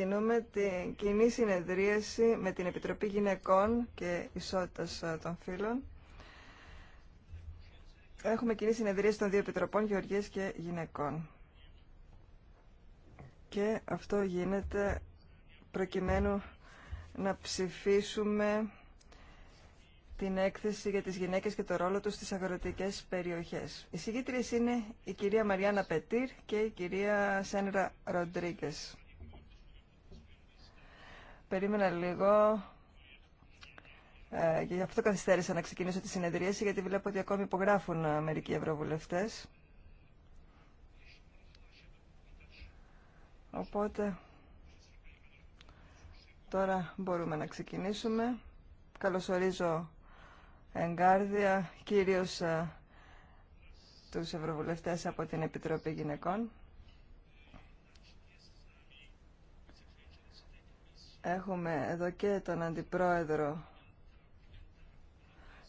Ξεκινούμε την κοινή συνεδρίαση με την Επιτροπή Γυναικών και Ισότητας ε, των Φύλων. Έχουμε κοινή συνεδρίαση των δύο Επιτροπών Γεωργίας και Γυναικών. Και αυτό γίνεται προκειμένου να ψηφίσουμε την έκθεση για τις γυναίκες και το ρόλο τους στις αγροτικές περιοχές. Οι συγκήτριες είναι η κυρία Μαριάννα Πετήρ και η κυρία Σένρα Ροντρίγκες περίμενα λίγο ε, και γι' αυτό καθυστέρησα να ξεκινήσω τη συνεδρίαση γιατί βλέπω ότι ακόμη υπογράφουν ε, μερικοί ευρωβουλευτές. Οπότε τώρα μπορούμε να ξεκινήσουμε. Καλωσορίζω εγκάρδια κυρίως ε, τους ευρωβουλευτές από την Επιτροπή Γυναικών. Έχουμε εδώ και τον Αντιπρόεδρο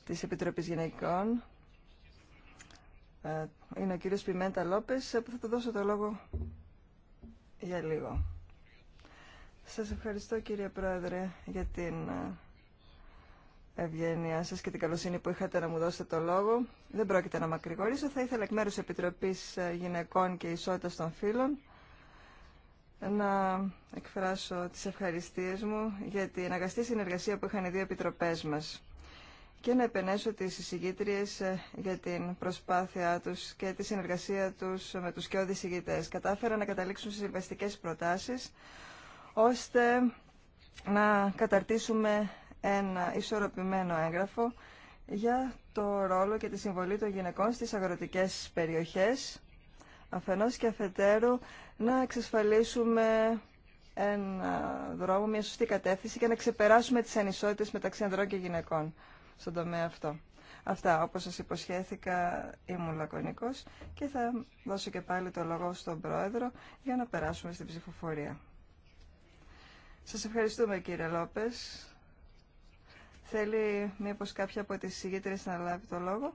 της Επιτροπής Γυναικών. Ε, είναι ο κύριος Πιμέντα Λόπες, ε, που θα του δώσω το λόγο για λίγο. Σας ευχαριστώ κύριε Πρόεδρε για την ε, ευγένειά σας και την καλοσύνη που είχατε να μου δώσετε το λόγο. Δεν πρόκειται να μακρηγορήσω. Θα ήθελα εκ μέρους Επιτροπής Γυναικών και Ισότητας των Φίλων να εκφράσω τις ευχαριστίες μου για την αγαστή συνεργασία που είχαν οι δύο επιτροπές μας και να επενέσω τις εισηγήτριες ε, για την προσπάθειά τους και τη συνεργασία τους με τους και εισηγητέ. Κατάφεραν να καταλήξουν στις συμβαστικές προτάσεις ώστε να καταρτήσουμε ένα ισορροπημένο έγγραφο για το ρόλο και τη συμβολή των γυναικών στις αγροτικές περιοχές αφενός και αφετέρου να εξασφαλίσουμε ένα δρόμο, μια σωστή κατεύθυνση και να ξεπεράσουμε τις ανισότητες μεταξύ ανδρών και γυναικών στον τομέα αυτό. Αυτά, όπως σας υποσχέθηκα, ήμουν λακωνικός και θα δώσω και πάλι το λόγο στον Πρόεδρο για να περάσουμε στην ψηφοφορία. Σας ευχαριστούμε κύριε Λόπες. Θέλει μήπως κάποια από τις να λάβει το λόγο.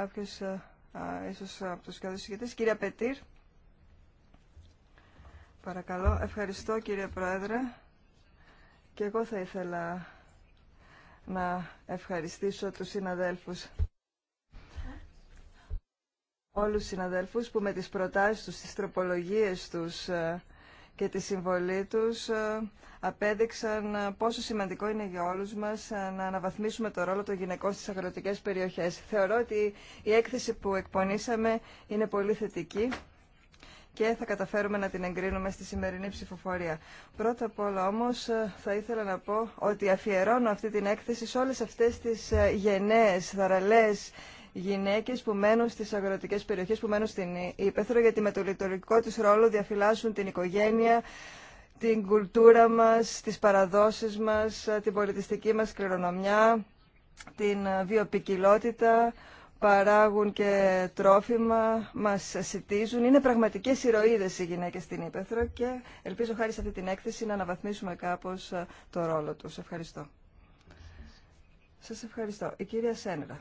κάποιος ε, ίσως από τους καλούς συγκεκριτές. Κύριε Πετήρ, παρακαλώ. Ευχαριστώ κύριε Πρόεδρε. Και εγώ θα ήθελα να ευχαριστήσω τους συναδέλφους. Όλους τους συναδέλφους που με τις προτάσεις τους, τις τροπολογίες τους ε, και τη συμβολή τους ε, απέδειξαν ε, πόσο σημαντικό είναι για όλους μας ε, να αναβαθμίσουμε το ρόλο των γυναικών στις αγροτικές περιοχές. Θεωρώ ότι η έκθεση που εκπονήσαμε είναι πολύ θετική και θα καταφέρουμε να την εγκρίνουμε στη σημερινή ψηφοφορία. Πρώτα απ' όλα όμως θα ήθελα να πω ότι αφιερώνω αυτή την έκθεση σε όλες αυτές τις γενναίες, θαραλές Γυναίκε που μένουν στι αγροτικέ περιοχέ που μένουν στην Ήπεθρο, γιατί με το λειτουργικό του ρόλο διαφυλάσσουν την οικογένεια, την κουλτούρα μα, τι παραδόσεις μα, την πολιτιστική μα κληρονομιά, την βιοπικιλότητα, παράγουν και τρόφιμα, μας ασιτίζουν Είναι πραγματικές ηρωίδες οι γυναίκες στην Ήπεθρο και ελπίζω χάρη σε αυτή την έκθεση να αναβαθμίσουμε κάπως ε, το ρόλο τους. Ευχαριστώ. Σας ευχαριστώ. Η κυρία Σένερα.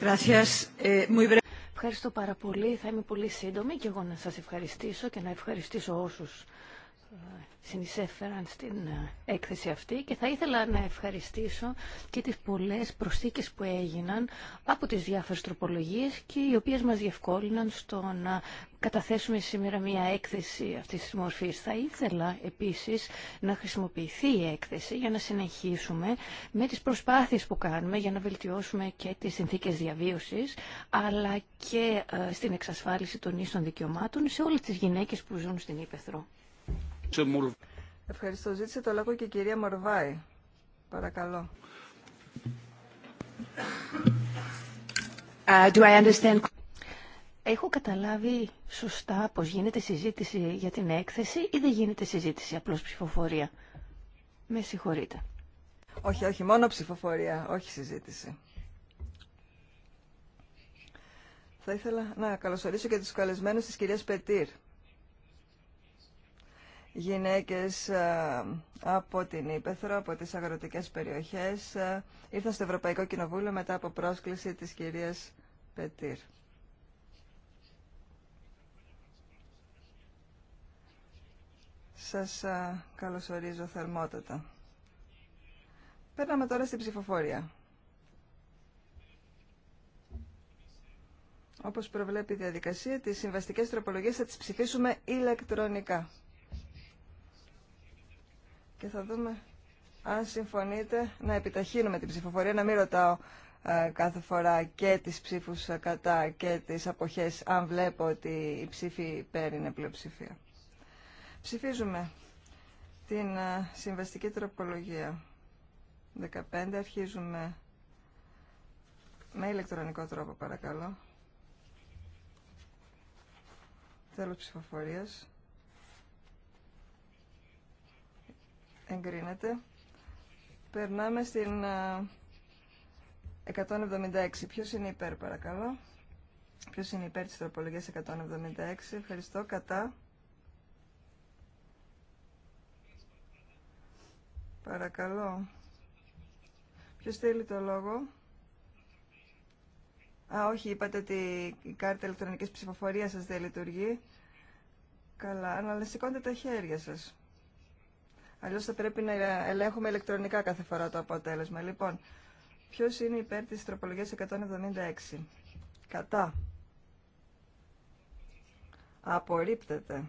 Eh, Ευχαριστώ πάρα πολύ. Θα είμαι πολύ σύντομη και εγώ να σας ευχαριστήσω και να ευχαριστήσω όσους ε, συνεισέφεραν στην ε, έκθεση αυτή και θα ήθελα να ευχαριστήσω και τις πολλές προσθήκες που έγιναν από τις διάφορες τροπολογίες και οι οποίες μας διευκόλυναν στο να καταθέσουμε σήμερα μια έκθεση αυτής της μορφής. Θα ήθελα επίσης να χρησιμοποιηθεί η έκθεση για να συνεχίσουμε με τις προσπάθειες που κάνουμε για να βελτιώσουμε και τις συνθήκες διαβίωσης αλλά και ε, στην εξασφάλιση των ίσων δικαιωμάτων σε όλες τις γυναίκες που ζουν στην Ήπεθρο. Ευχαριστώ. Ζήτησε το λόγο και η κυρία Μορβάη. Παρακαλώ. Ε, do I understand... Έχω καταλάβει σωστά πως γίνεται συζήτηση για την έκθεση ή δεν γίνεται συζήτηση, απλώς ψηφοφορία. Με συγχωρείτε. Όχι, όχι, μόνο ψηφοφορία, όχι συζήτηση. Θα ήθελα να καλωσορίσω και τους καλεσμένους της κυρίας Πετήρ γυναίκες ε, από την Ήπεθρο, από τις αγροτικές περιοχές, ε, ήρθαν στο Ευρωπαϊκό Κοινοβούλιο μετά από πρόσκληση της κυρίας Πετήρ. Σας ε, καλωσορίζω θερμότατα. Παίρναμε τώρα στην ψηφοφορία. Όπως προβλέπει η διαδικασία, τις συμβαστικές τροπολογίες θα τις ψηφίσουμε ηλεκτρονικά και θα δούμε αν συμφωνείτε να επιταχύνουμε την ψηφοφορία, να μην ρωτάω ε, κάθε φορά και τις ψήφους κατά και τις αποχές, αν βλέπω ότι η ψήφη υπέρ είναι πλειοψηφία. Ψηφίζουμε την ε, συμβαστική τροπολογία. 15 αρχίζουμε με ηλεκτρονικό τρόπο παρακαλώ. Τέλος ψηφοφορίας. εγκρίνεται. Περνάμε στην 176. Ποιος είναι υπέρ παρακαλώ. Ποιος είναι υπέρ της τροπολογίας 176. Ευχαριστώ. Κατά. Παρακαλώ. Ποιος θέλει το λόγο. Α, όχι, είπατε ότι η κάρτα ηλεκτρονικής ψηφοφορίας σας δεν λειτουργεί. Καλά, αλλά τα χέρια σας. Αλλιώ θα πρέπει να ελέγχουμε ηλεκτρονικά κάθε φορά το αποτέλεσμα. Λοιπόν, ποιο είναι υπέρ τη τροπολογία 176. Κατά. Απορρίπτεται.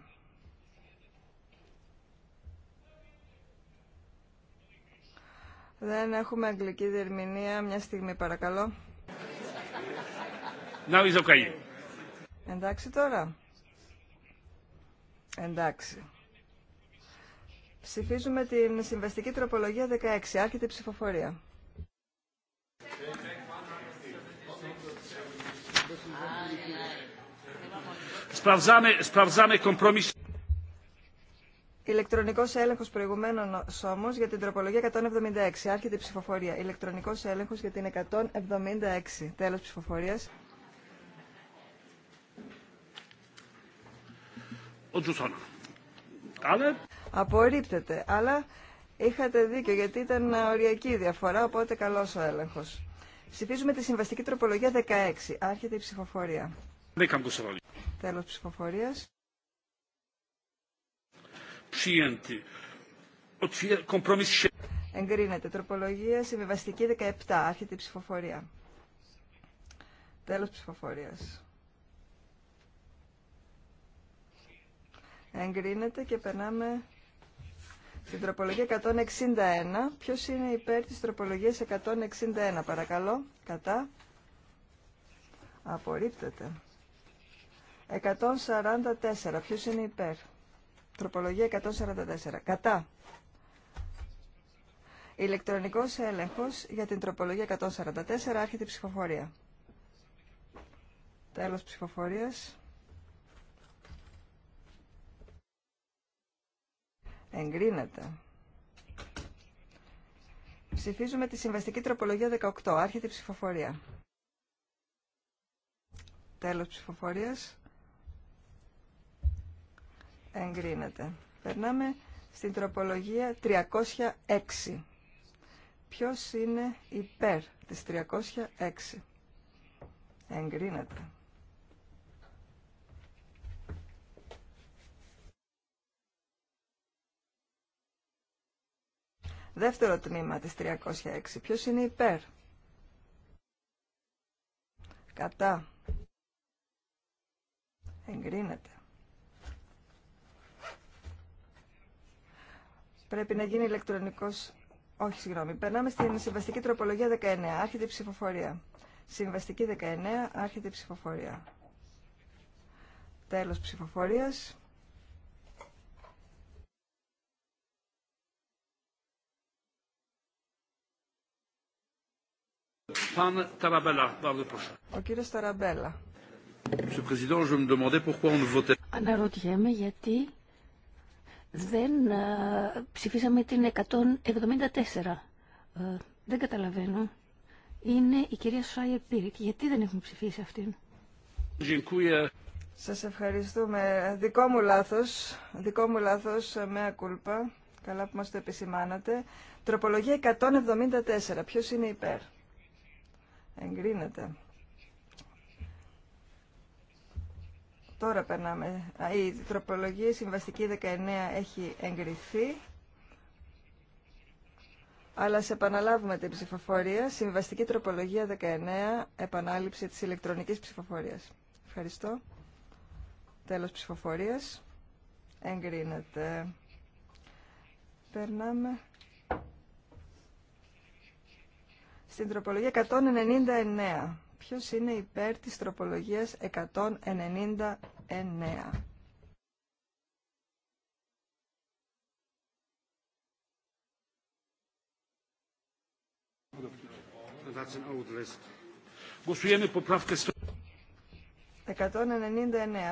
Δεν έχουμε αγγλική διερμηνία. Μια στιγμή παρακαλώ. Now Εντάξει τώρα. Εντάξει. Ψηφίζουμε την συμβαστική τροπολογία 16. Άρχεται η ψηφοφορία. Ηλεκτρονικό έλεγχο προηγουμένων όμω για την τροπολογία 176. Άρχεται η ψηφοφορία. Ηλεκτρονικό έλεγχο για την 176. Τέλο ψηφοφορία απορρίπτεται. Αλλά είχατε δίκιο γιατί ήταν οριακή διαφορά, οπότε καλό ο έλεγχος. Ψηφίζουμε τη συμβαστική τροπολογία 16. Άρχεται η ψηφοφορία. Τέλος ψηφοφορίας. Εγκρίνεται. Τροπολογία συμβιβαστική 17. Άρχεται η ψηφοφορία. Τέλος ψηφοφορίας. Εγκρίνεται και περνάμε στην τροπολογία 161, ποιος είναι υπέρ της τροπολογίας 161, παρακαλώ, κατά, απορρίπτεται. 144, ποιος είναι υπέρ, τροπολογία 144, κατά. Ηλεκτρονικός έλεγχος για την τροπολογία 144, άρχεται η ψηφοφορία. Τέλος ψηφοφορίας. Εγκρίνεται. Ψηφίζουμε τη συμβαστική τροπολογία 18. Άρχεται η ψηφοφορία. Τέλος ψηφοφορίας. Εγκρίνεται. Περνάμε στην τροπολογία 306. Ποιος είναι υπέρ της 306. Εγκρίνεται. Δεύτερο τμήμα της 306. Ποιος είναι υπέρ. Κατά. Εγκρίνεται. Πρέπει να γίνει ηλεκτρονικός... Όχι, συγγνώμη. Περνάμε στην συμβαστική τροπολογία 19. Άρχεται η ψηφοφορία. Συμβαστική 19. Άρχεται η ψηφοφορία. Τέλος ψηφοφορίας. Ο κύριο Ταραμπέλα. Αναρωτιέμαι γιατί δεν ε, ψηφίσαμε την 174. Ε, δεν καταλαβαίνω. Είναι η κυρία Σάιερ Πύρικ. Γιατί δεν έχουμε ψηφίσει αυτήν. Σα ευχαριστούμε. Δικό μου λάθο, δικό μου λάθος, μέα ε, κούλπα. Καλά που μα το επισημάνατε. Τροπολογία 174. Ποιο είναι υπέρ. Εγκρίνεται. Τώρα περνάμε. Η τροπολογία συμβαστική 19 έχει εγκριθεί. Αλλά σε επαναλάβουμε την ψηφοφορία. Συμβαστική τροπολογία 19, επανάληψη της ηλεκτρονικής ψηφοφορίας. Ευχαριστώ. Τέλος ψηφοφορίας. Εγκρίνεται. Περνάμε Στην τροπολογία 199. Ποιος είναι υπέρ της τροπολογίας 199. 199.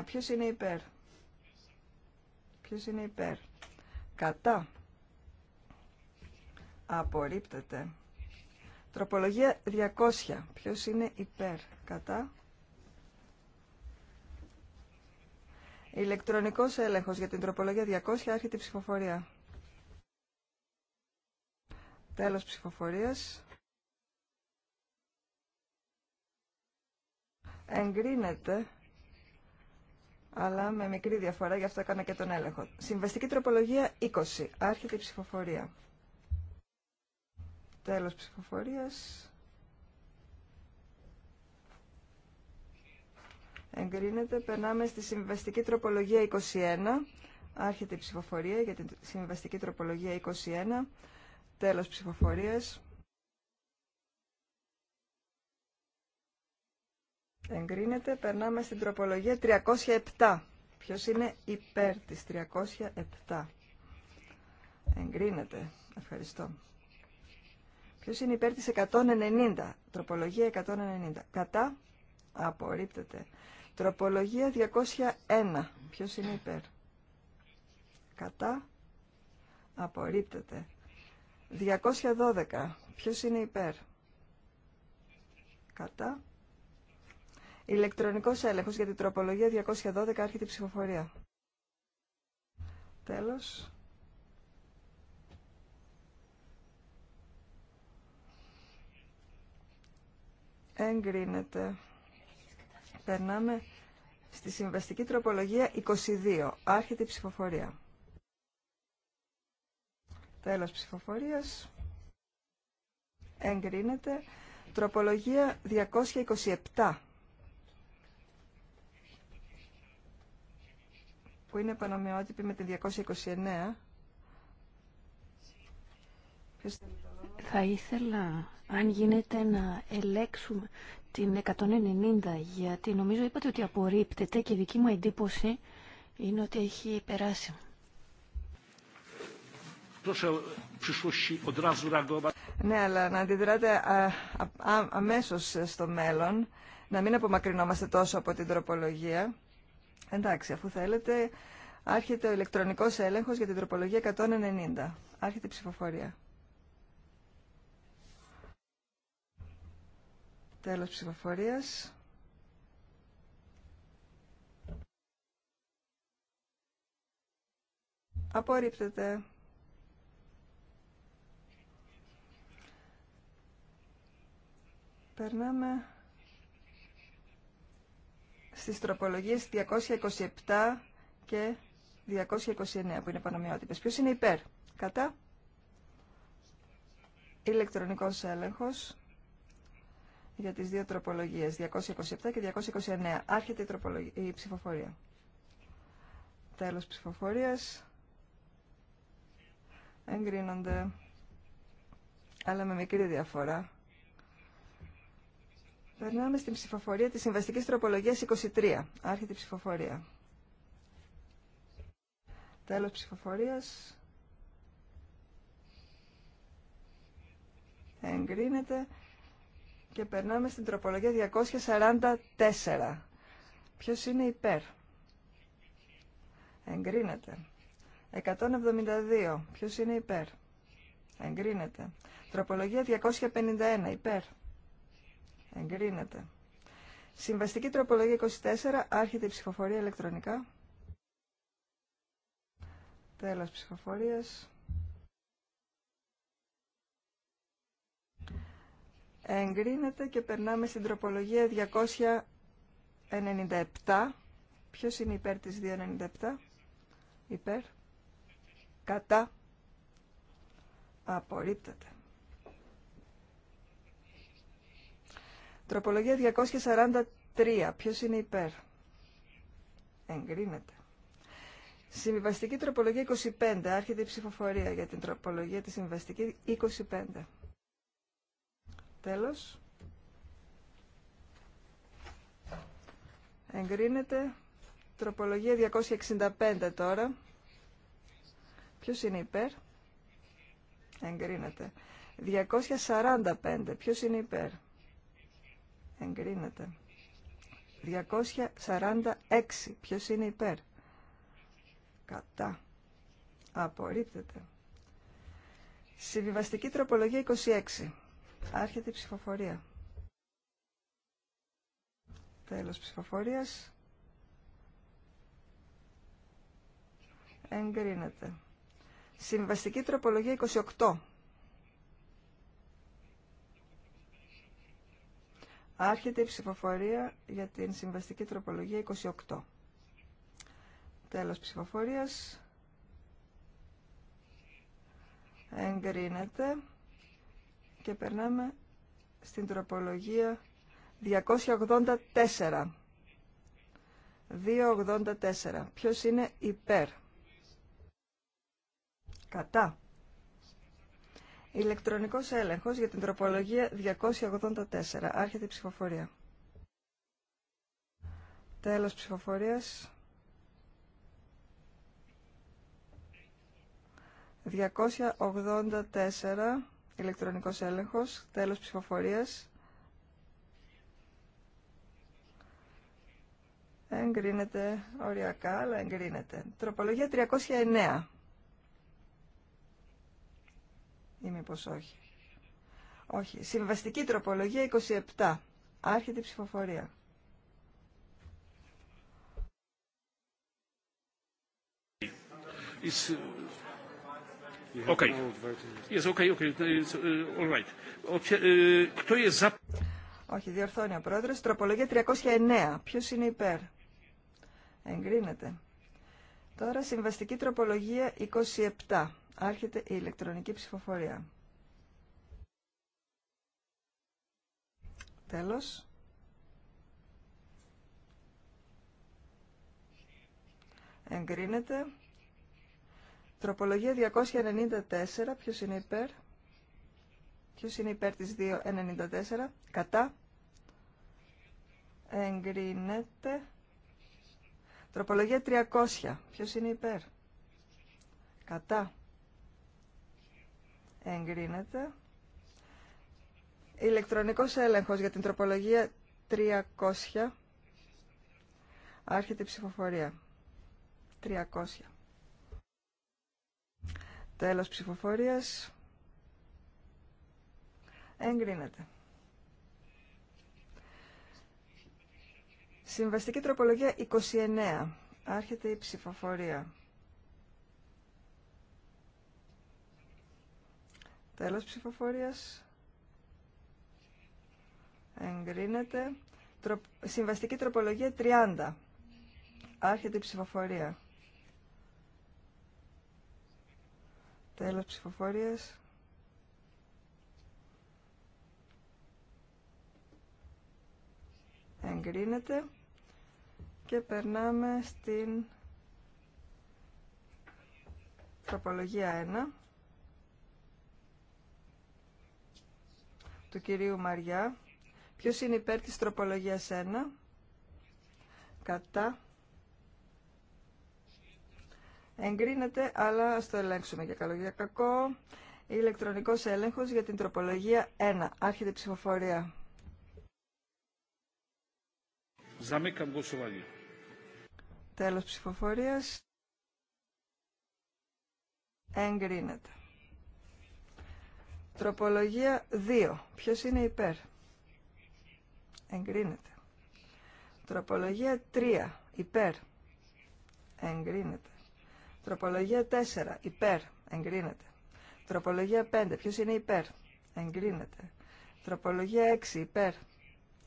Ποιος είναι υπέρ. Ποιος είναι υπέρ. Κατά. Απορρίπτεται. Τροπολογία 200. Ποιος είναι υπέρ, κατά. Ηλεκτρονικός έλεγχος για την τροπολογία 200 άρχεται η ψηφοφορία. Τέλος ψηφοφορίας. Εγκρίνεται, αλλά με μικρή διαφορά, γι' αυτό έκανα και τον έλεγχο. Συμβαστική τροπολογία 20. Άρχεται η ψηφοφορία. Τέλος ψηφοφορίας. Εγκρίνεται. Περνάμε στη συμβαστική τροπολογία 21. Άρχεται η ψηφοφορία για τη συμβαστική τροπολογία 21. Τέλος ψηφοφορίας. Εγκρίνεται. Περνάμε στην τροπολογία 307. Ποιος είναι υπέρ της 307. Εγκρίνεται. Ευχαριστώ. Ποιος είναι υπέρ της 190. Τροπολογία 190. Κατά. Απορρίπτεται. Τροπολογία 201. Ποιος είναι υπέρ. Κατά. Απορρίπτεται. 212. Ποιος είναι υπέρ. Κατά. Ηλεκτρονικός έλεγχος για την τροπολογία 212 άρχεται η ψηφοφορία. Τέλος. εγκρίνεται. Περνάμε στη συμβαστική τροπολογία 22. Άρχεται η ψηφοφορία. Τέλος ψηφοφορίας. Εγκρίνεται. Τροπολογία 227. που είναι επανομοιότυπη με την 229. Θα ήθελα αν γίνεται να ελέξουμε την 190, γιατί νομίζω είπατε ότι απορρίπτεται και η δική μου εντύπωση είναι ότι έχει περάσει. Ναι, αλλά να αντιδράτε αμέσως στο μέλλον, να μην απομακρυνόμαστε τόσο από την τροπολογία. Εντάξει, αφού θέλετε, άρχεται ο ηλεκτρονικός έλεγχος για την τροπολογία 190. Άρχεται η ψηφοφορία. Τέλος ψηφοφορίας. Απορρίπτεται. Περνάμε στις τροπολογίες 227 και 229 που είναι πανομοιότυπες. Ποιος είναι υπέρ, κατά, ηλεκτρονικός έλεγχος, για τις δύο τροπολογίες, 227 και 229. Άρχεται η, τροπολογία, η ψηφοφορία. Τέλος ψηφοφορίας. Εγκρίνονται, αλλά με μικρή διαφορά. Περνάμε στην ψηφοφορία της συμβαστικής τροπολογίας 23. Άρχεται η ψηφοφορία. Τέλος ψηφοφορίας. Εγκρίνεται και περνάμε στην τροπολογία 244. Ποιος είναι υπέρ. Εγκρίνεται. 172. Ποιος είναι υπέρ. Εγκρίνεται. Τροπολογία 251. Υπέρ. Εγκρίνεται. Συμβαστική τροπολογία 24. Άρχεται η ψηφοφορία ηλεκτρονικά. Τέλος ψηφοφορίας. Εγκρίνεται και περνάμε στην τροπολογία 297. Ποιος είναι υπέρ της 297? Υπέρ. Κατά. Απορρίπτεται. Τροπολογία 243. Ποιος είναι υπέρ? Εγκρίνεται. Συμβιβαστική τροπολογία 25. Άρχεται η ψηφοφορία για την τροπολογία της συμβιβαστική 25. Τέλος. Εγκρίνεται. Τροπολογία 265 τώρα. Ποιος είναι υπέρ. Εγκρίνεται. 245. Ποιος είναι υπέρ. Εγκρίνεται. 246. Ποιος είναι υπέρ. Κατά. Απορρίπτεται. Συμβιβαστική τροπολογία 26. Άρχεται η ψηφοφορία. Τέλος ψηφοφορίας. Εγκρίνεται. Συμβαστική τροπολογία 28. Άρχεται η ψηφοφορία για την συμβαστική τροπολογία 28. Τέλος ψηφοφορίας. Εγκρίνεται. Και περνάμε στην τροπολογία 284. 284. Ποιος είναι υπέρ. Κατά. Ηλεκτρονικός έλεγχος για την τροπολογία 284. Άρχεται η ψηφοφορία. Τέλος ψηφοφορίας. 284 Ηλεκτρονικός έλεγχος. Τέλος ψηφοφορίας. Εγκρίνεται οριακά, αλλά εγκρίνεται. Τροπολογία 309. Ή μήπως όχι. Όχι. Συμβαστική τροπολογία 27. Άρχεται η ψηφοφορία. Όχι, διορθώνει ο πρόεδρος. Τροπολογία 309. Ποιος είναι υπέρ. Εγκρίνεται. Τώρα συμβαστική τροπολογία 27. Άρχεται η ηλεκτρονική ψηφοφορία. Τέλος. Εγκρίνεται. Τροπολογία 294. Ποιος είναι υπέρ. Ποιος είναι υπέρ της 294. Κατά. Εγκρίνεται. Τροπολογία 300. Ποιος είναι υπέρ. Κατά. Εγκρίνεται. Ηλεκτρονικός έλεγχος για την τροπολογία 300. Άρχεται η ψηφοφορία. 300. Τέλος ψηφοφορίας. Εγκρίνεται. Συμβαστική τροπολογία 29. Άρχεται η ψηφοφορία. Τέλος ψηφοφορίας. Εγκρίνεται. Συμβαστική τροπολογία 30. Άρχεται η ψηφοφορία. Τέλος ψηφοφορίας. Εγκρίνεται. Και περνάμε στην τροπολογία 1 του κυρίου Μαριά. Ποιος είναι υπέρ της τροπολογίας 1 κατά Εγκρίνεται, αλλά ας το ελέγξουμε για καλό για κακό. Ηλεκτρονικός έλεγχος για την τροπολογία 1. Άρχεται η ψηφοφορία. Zamykam ψηφοφορία. Τέλος ψηφοφορίας. Εγκρίνεται. Τροπολογία 2. Ποιος είναι υπέρ. Εγκρίνεται. Τροπολογία 3. Υπέρ. Εγκρίνεται. Τροπολογία 4. Υπέρ. Εγκρίνεται. Τροπολογία 5. Ποιο είναι υπέρ. Εγκρίνεται. Τροπολογία 6. Υπέρ.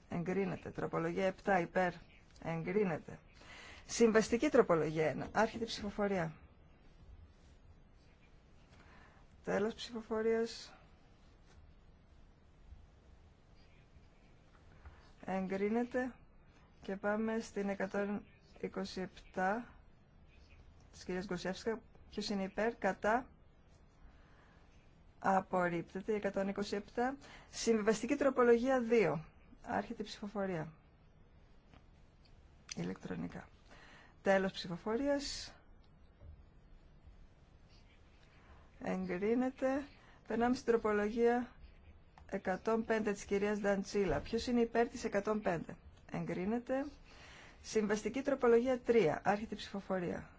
Εγκρίνεται. Τροπολογία 7. Υπέρ. Εγκρίνεται. Συμβαστική τροπολογία 1. Άρχεται η ψηφοφορία. Τέλος ψηφοφορίας. Εγκρίνεται. Και πάμε στην 127 της κυρίας Ποιος είναι υπέρ, κατά, απορρίπτεται, 127. Συμβιβαστική τροπολογία 2. Άρχεται η ψηφοφορία. Ηλεκτρονικά. Τέλος ψηφοφορίας. Εγκρίνεται. Περνάμε στην τροπολογία 105 της κυρίας Νταντσίλα. Ποιος είναι υπέρ της 105. Εγκρίνεται. Συμβαστική τροπολογία 3. Άρχεται η ψηφοφορία.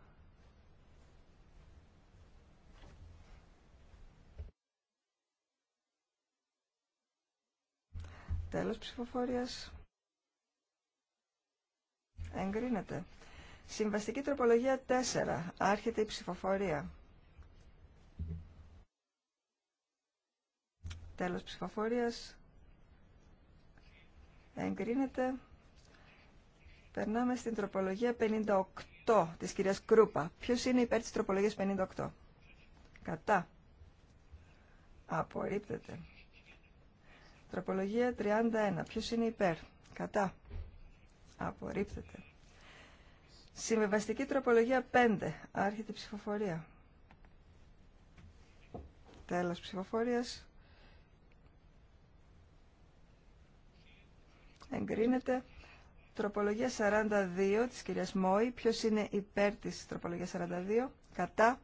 Τέλος ψηφοφορίας. Εγκρίνεται. Συμβαστική τροπολογία 4. Άρχεται η ψηφοφορία. Τέλος ψηφοφορίας. Εγκρίνεται. Περνάμε στην τροπολογία 58 της κυρίας Κρούπα. Ποιος είναι υπέρ της τροπολογίας 58. Κατά. Απορρίπτεται. Τροπολογία 31. Ποιος είναι υπέρ. Κατά. Απορρίπτεται. Συμβεβαστική τροπολογία 5. Άρχεται ψηφοφορία. Τέλος ψηφοφορίας. Εγκρίνεται. Τροπολογία 42 της κυρίας Μόη. Ποιος είναι υπέρ της τροπολογίας 42. Κατά.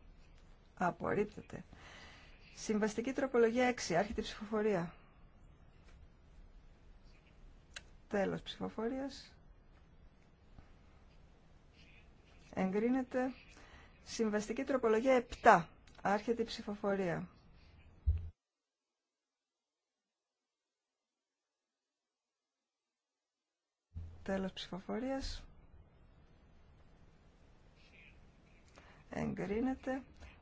Απορρίπτεται. Συμβαστική τροπολογία 6. Άρχεται η ψηφοφορία. Τέλος ψηφοφορίας. Εγκρίνεται συμβαστική τροπολογία 7. Άρχεται η ψηφοφορία. Τέλος ψηφοφορίας. Εγκρίνεται.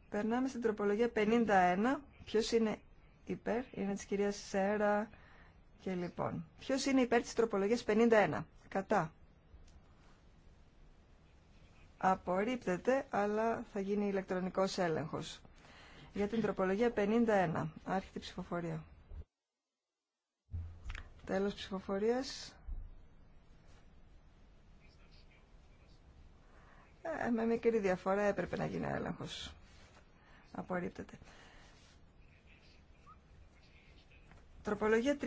Περνάμε στην τροπολογία 51. Ποιος είναι υπέρ. Είναι της κυρίας Σέρα και λοιπόν, ποιος είναι υπέρ τη τροπολογία 51. Κατά. Απορρίπτεται, αλλά θα γίνει ηλεκτρονικός έλεγχος. Για την τροπολογία 51. Άρχεται η ψηφοφορία. Τέλος ψηφοφορίας. Ε, με μικρή διαφορά έπρεπε να γίνει έλεγχος. Απορρίπτεται. Τροπολογία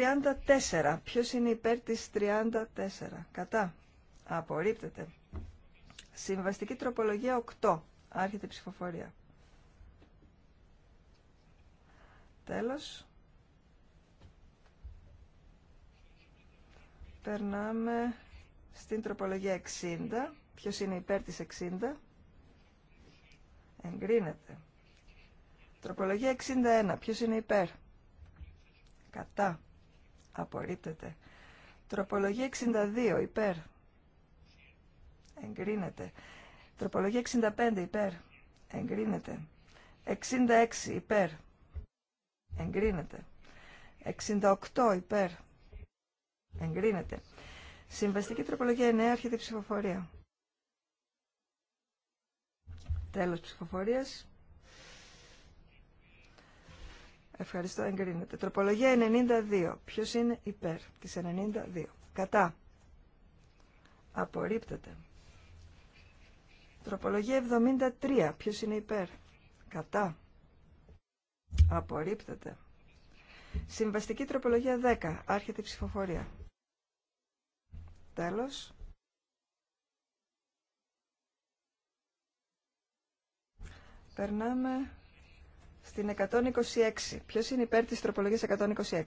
34. Ποιος είναι υπέρ της 34. Κατά. Απορρίπτεται. Συμβαστική τροπολογία 8. Άρχεται η ψηφοφορία. Τέλος. Περνάμε στην τροπολογία 60. Ποιος είναι υπέρ της 60. Εγκρίνεται. Τροπολογία 61. Ποιος είναι υπέρ. Κατά. Απορρίπτεται. Τροπολογία 62 υπέρ. Εγκρίνεται. Τροπολογία 65 υπέρ. Εγκρίνεται. 66 υπέρ. Εγκρίνεται. 68 υπέρ. Εγκρίνεται. Συμβαστική τροπολογία 9 έρχεται η ψηφοφορία. Τέλος ψηφοφορίας. Ευχαριστώ, εγκρίνεται. Τροπολογία 92. Ποιος είναι υπέρ της 92. Κατά. Απορρίπτεται. Τροπολογία 73. Ποιος είναι υπέρ. Κατά. Απορρίπτεται. Συμβαστική τροπολογία 10. Άρχεται η ψηφοφορία. Τέλος. Περνάμε στην 126. Ποιος είναι υπέρ της τροπολογίας 126.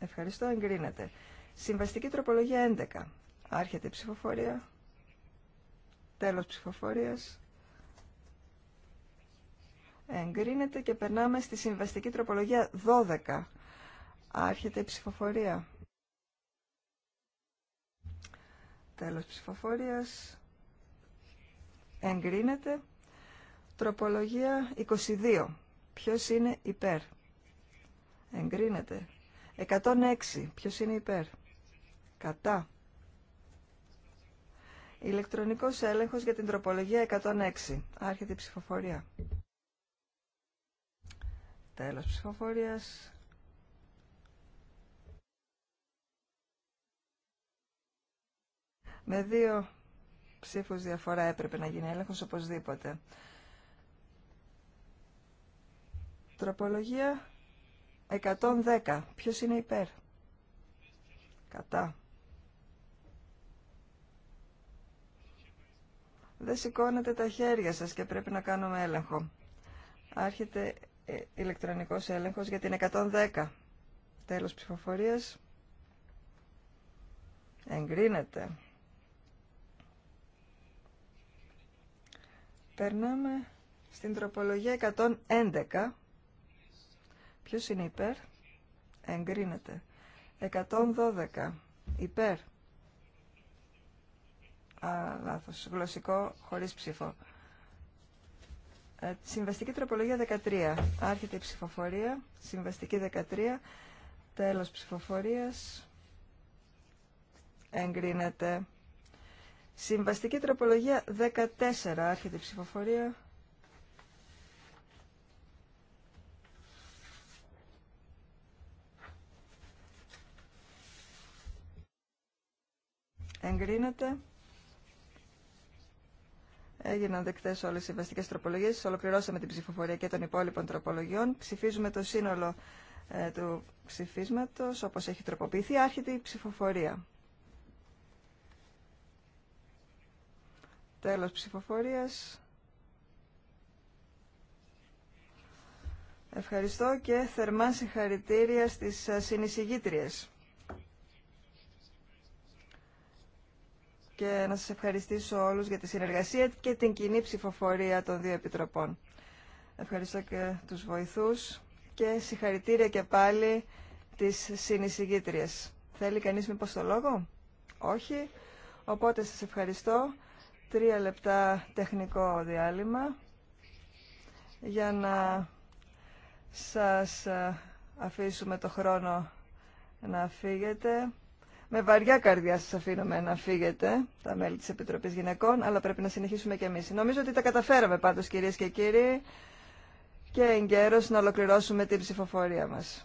Ευχαριστώ, εγκρίνεται. Συμβαστική τροπολογία 11. Άρχεται η ψηφοφορία. Τέλος ψηφοφορίας. Εγκρίνεται και περνάμε στη συμβαστική τροπολογία 12. Άρχεται η ψηφοφορία. Τέλος ψηφοφορίας. Εγκρίνεται. Τροπολογία 22. Ποιος είναι υπέρ. Εγκρίνεται. 106. Ποιος είναι υπέρ. Κατά. Ηλεκτρονικός έλεγχος για την τροπολογία 106. Άρχεται η ψηφοφορία. Τέλος ψηφοφορίας. Με δύο ψήφους διαφορά έπρεπε να γίνει έλεγχος οπωσδήποτε. Τροπολογία 110. Ποιος είναι υπέρ. Κατά. Δεν σηκώνετε τα χέρια σας και πρέπει να κάνουμε έλεγχο. Άρχεται ε, ηλεκτρονικός έλεγχος για την 110. Τέλος ψηφοφορίας. Εγκρίνεται. Περνάμε στην τροπολογία 111 Ποιος είναι υπέρ? Εγκρίνεται. 112. Υπέρ. Α, λάθος. Γλωσσικό χωρίς ψήφο. Ε, συμβαστική τροπολογία 13. Άρχεται η ψηφοφορία. Συμβαστική 13. Τέλος ψηφοφορίας. Εγκρίνεται. Συμβαστική τροπολογία 14. Άρχεται η ψηφοφορία. εγκρίνεται. Έγιναν δεκτέ όλε οι βασικέ τροπολογίε. Ολοκληρώσαμε την ψηφοφορία και των υπόλοιπων τροπολογιών. Ψηφίζουμε το σύνολο ε, του ψηφίσματο όπω έχει τροποποιηθεί. Άρχεται η ψηφοφορία. Τέλο ψηφοφορία. Ευχαριστώ και θερμά συγχαρητήρια στις ε, συνεισηγήτριες. και να σας ευχαριστήσω όλους για τη συνεργασία και την κοινή ψηφοφορία των δύο επιτροπών. Ευχαριστώ και τους βοηθούς και συγχαρητήρια και πάλι τις συνεισηγήτριες. Θέλει κανείς μήπως το λόγο? Όχι. Οπότε σας ευχαριστώ. Τρία λεπτά τεχνικό διάλειμμα για να σας αφήσουμε το χρόνο να φύγετε με βαριά καρδιά σας αφήνουμε να φύγετε, τα μέλη της Επιτροπής Γυναικών, αλλά πρέπει να συνεχίσουμε κι εμείς. Νομίζω ότι τα καταφέραμε πάντω, κυρίες και κύριοι και εγκαίρως να ολοκληρώσουμε την ψηφοφορία μας.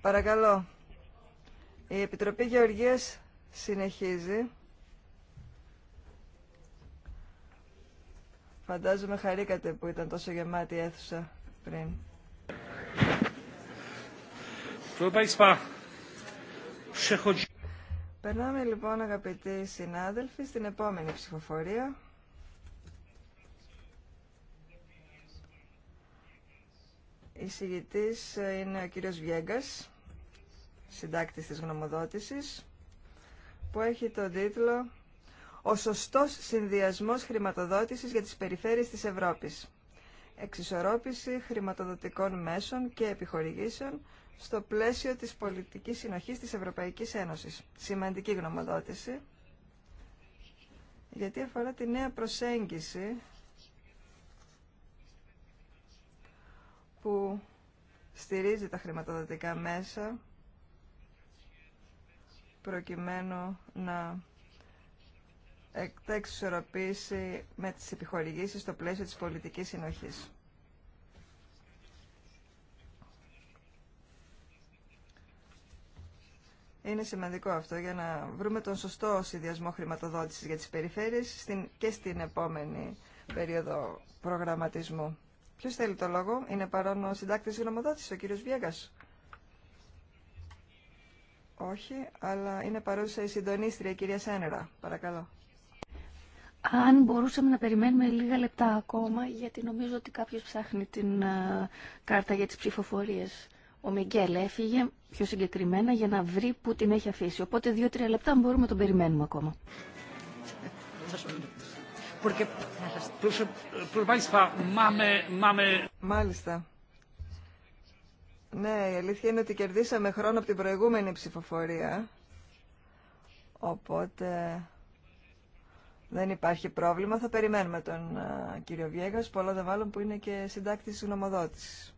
Παρακαλώ. Η Επιτροπή Γεωργίας συνεχίζει. Φαντάζομαι χαρήκατε που ήταν τόσο γεμάτη η αίθουσα πριν. Περνάμε λοιπόν αγαπητοί συνάδελφοι στην επόμενη ψηφοφορία. Η είναι ο κύριος Βιέγκας, συντάκτης της γνωμοδότησης, που έχει τον τίτλο «Ο σωστός συνδυασμός χρηματοδότησης για τις περιφέρειες της Ευρώπης. Εξισορρόπηση χρηματοδοτικών μέσων και επιχορηγήσεων στο πλαίσιο της πολιτικής συνοχής της Ευρωπαϊκής Ένωσης». Σημαντική γνωμοδότηση, γιατί αφορά τη νέα προσέγγιση που στηρίζει τα χρηματοδοτικά μέσα προκειμένου να τα εξισορροπήσει με τις επιχορηγήσεις στο πλαίσιο της πολιτικής συνοχής. Είναι σημαντικό αυτό για να βρούμε τον σωστό συνδυασμό χρηματοδότησης για τις περιφέρειες και στην επόμενη περίοδο προγραμματισμού. Ποιο θέλει το λόγο, είναι παρόν ο συντάκτης γνωμοδότης, ο κύριος Βιέγκας. Όχι, αλλά είναι παρούσα η συντονίστρια, η κυρία Σένερα. Παρακαλώ. Αν μπορούσαμε να περιμένουμε λίγα λεπτά ακόμα, γιατί νομίζω ότι κάποιο ψάχνει την ε, κάρτα για τι ψηφοφορίε Ο Μιγγέλ έφυγε πιο συγκεκριμένα για να βρει που την έχει αφήσει. Οπότε δύο-τρία λεπτά μπορούμε να τον περιμένουμε ακόμα. Μάλιστα. Ναι, η αλήθεια είναι ότι κερδίσαμε χρόνο από την προηγούμενη ψηφοφορία. Οπότε δεν υπάρχει πρόβλημα. Θα περιμένουμε τον uh, κύριο Βιέγας, πολλά δε που είναι και συντάκτης του γνωμοδότησης.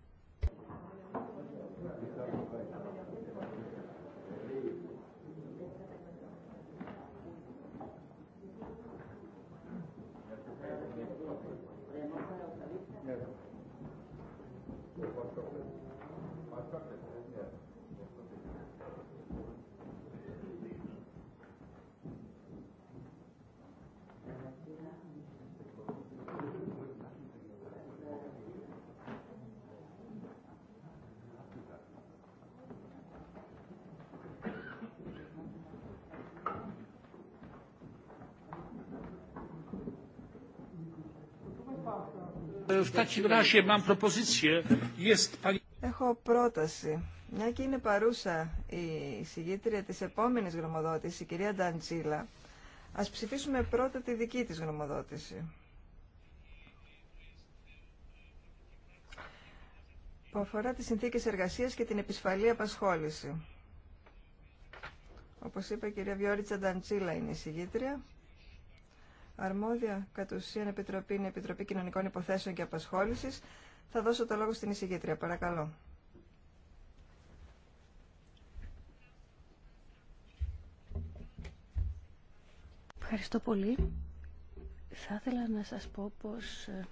Έχω πρόταση. Μια και είναι παρούσα η συγγήτρια της επόμενης γνωμοδότησης, η κυρία Νταντζίλα, ας ψηφίσουμε πρώτα τη δική της γνωμοδότηση. Που αφορά τις συνθήκες εργασίας και την επισφαλή απασχόληση. Όπως είπε η κυρία Βιόριτσα Νταντζίλα είναι η συγγήτρια αρμόδια κατ' ουσίαν επιτροπή είναι Επιτροπή Κοινωνικών Υποθέσεων και Απασχόλησης. Θα δώσω το λόγο στην εισηγήτρια, παρακαλώ. Ευχαριστώ πολύ. Θα ήθελα να σας πω πως ε,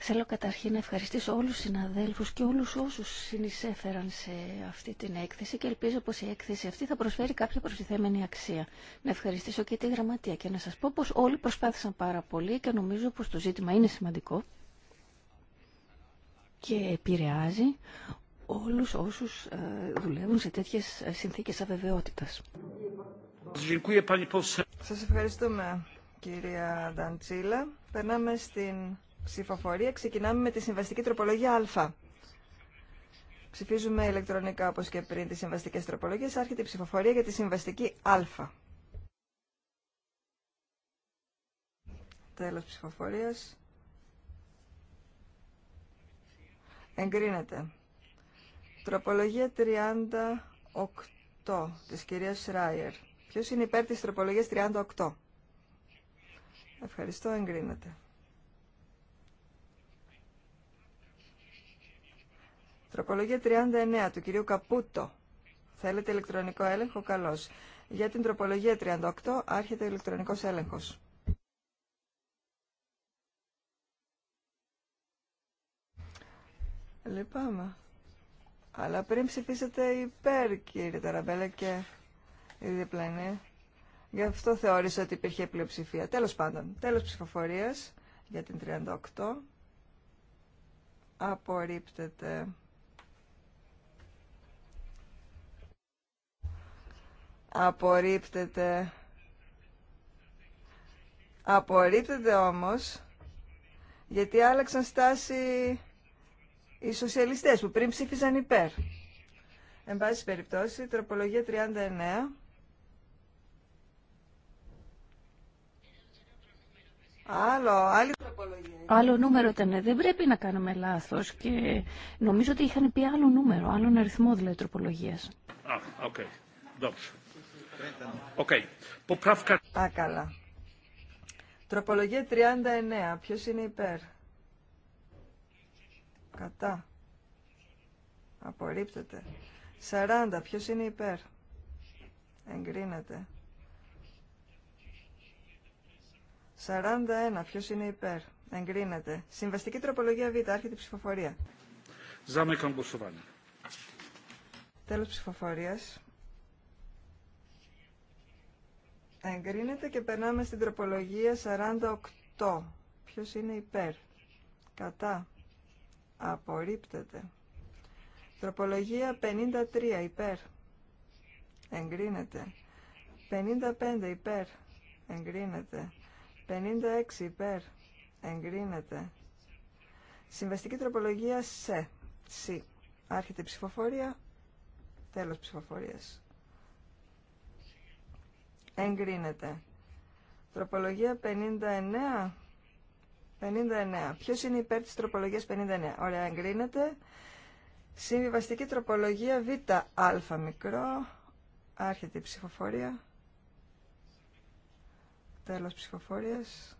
Θέλω καταρχήν να ευχαριστήσω όλους τους συναδέλφους και όλους όσους συνεισέφεραν σε αυτή την έκθεση και ελπίζω πως η έκθεση αυτή θα προσφέρει κάποια προστιθέμενη αξία. Να ευχαριστήσω και τη γραμματεία και να σας πω πως όλοι προσπάθησαν πάρα πολύ και νομίζω πως το ζήτημα είναι σημαντικό και επηρεάζει όλους όσους ε, δουλεύουν σε τέτοιες ε, συνθήκες αβεβαιότητας. Σας ευχαριστούμε κυρία Νταντσίλα. Περνάμε στην ψηφοφορία ξεκινάμε με τη συμβαστική τροπολογία Α. Ψηφίζουμε ηλεκτρονικά όπως και πριν τις συμβαστικές τροπολογίες. Άρχεται η ψηφοφορία για τη συμβαστική Α. Τέλος ψηφοφορίας. Εγκρίνεται. Τροπολογία 38 της κυρίας Σράιερ. Ποιος είναι υπέρ της τροπολογία 38. Ευχαριστώ, εγκρίνεται. Τροπολογία 39 του κυρίου Καπούτο. Θέλετε ηλεκτρονικό έλεγχο, καλώς. Για την τροπολογία 38 άρχεται ηλεκτρονικός έλεγχος. Λυπάμαι. Αλλά πριν ψηφίσετε υπέρ, κύριε Ταραμπέλα, και η διπλανή. Γι' αυτό θεώρησα ότι υπήρχε πλειοψηφία. Τέλος πάντων, τέλος ψηφοφορίας για την 38. Απορρίπτεται. Απορρίπτεται. Απορρίπτεται όμως γιατί άλλαξαν στάση οι σοσιαλιστές που πριν ψήφιζαν υπέρ. Εν πάση περιπτώσει, τροπολογία 39. Άλλο, άλλη τροπολογία. Άλλο νούμερο ήταν. Ε, δεν πρέπει να κάνουμε λάθο. και νομίζω ότι είχαν πει άλλο νούμερο, άλλον αριθμό δηλαδή τροπολογίας. Α, ah, okay. Okay. Τροπολογία 39. Ποιος είναι υπέρ. Κατά. Απορρίπτεται. 40. Ποιος είναι υπέρ. Εγκρίνεται. 41. Ποιος είναι υπέρ. Εγκρίνεται. Συμβαστική τροπολογία Β. Άρχεται η ψηφοφορία. Τέλος ψηφοφορίας. Εγκρίνεται και περνάμε στην τροπολογία 48. Ποιος είναι υπέρ. Κατά. Απορρίπτεται. Τροπολογία 53 υπέρ. Εγκρίνεται. 55 υπέρ. Εγκρίνεται. 56 υπέρ. Εγκρίνεται. Συμβαστική τροπολογία σε. Σι. Άρχεται η ψηφοφορία. Τέλος ψηφοφορίας εγκρίνεται. Τροπολογία 59. 59. Ποιος είναι υπέρ της τροπολογίας 59. Ωραία, εγκρίνεται. Συμβιβαστική τροπολογία Β, α μικρό. Άρχεται η ψηφοφορία. Τέλος ψηφοφορίας.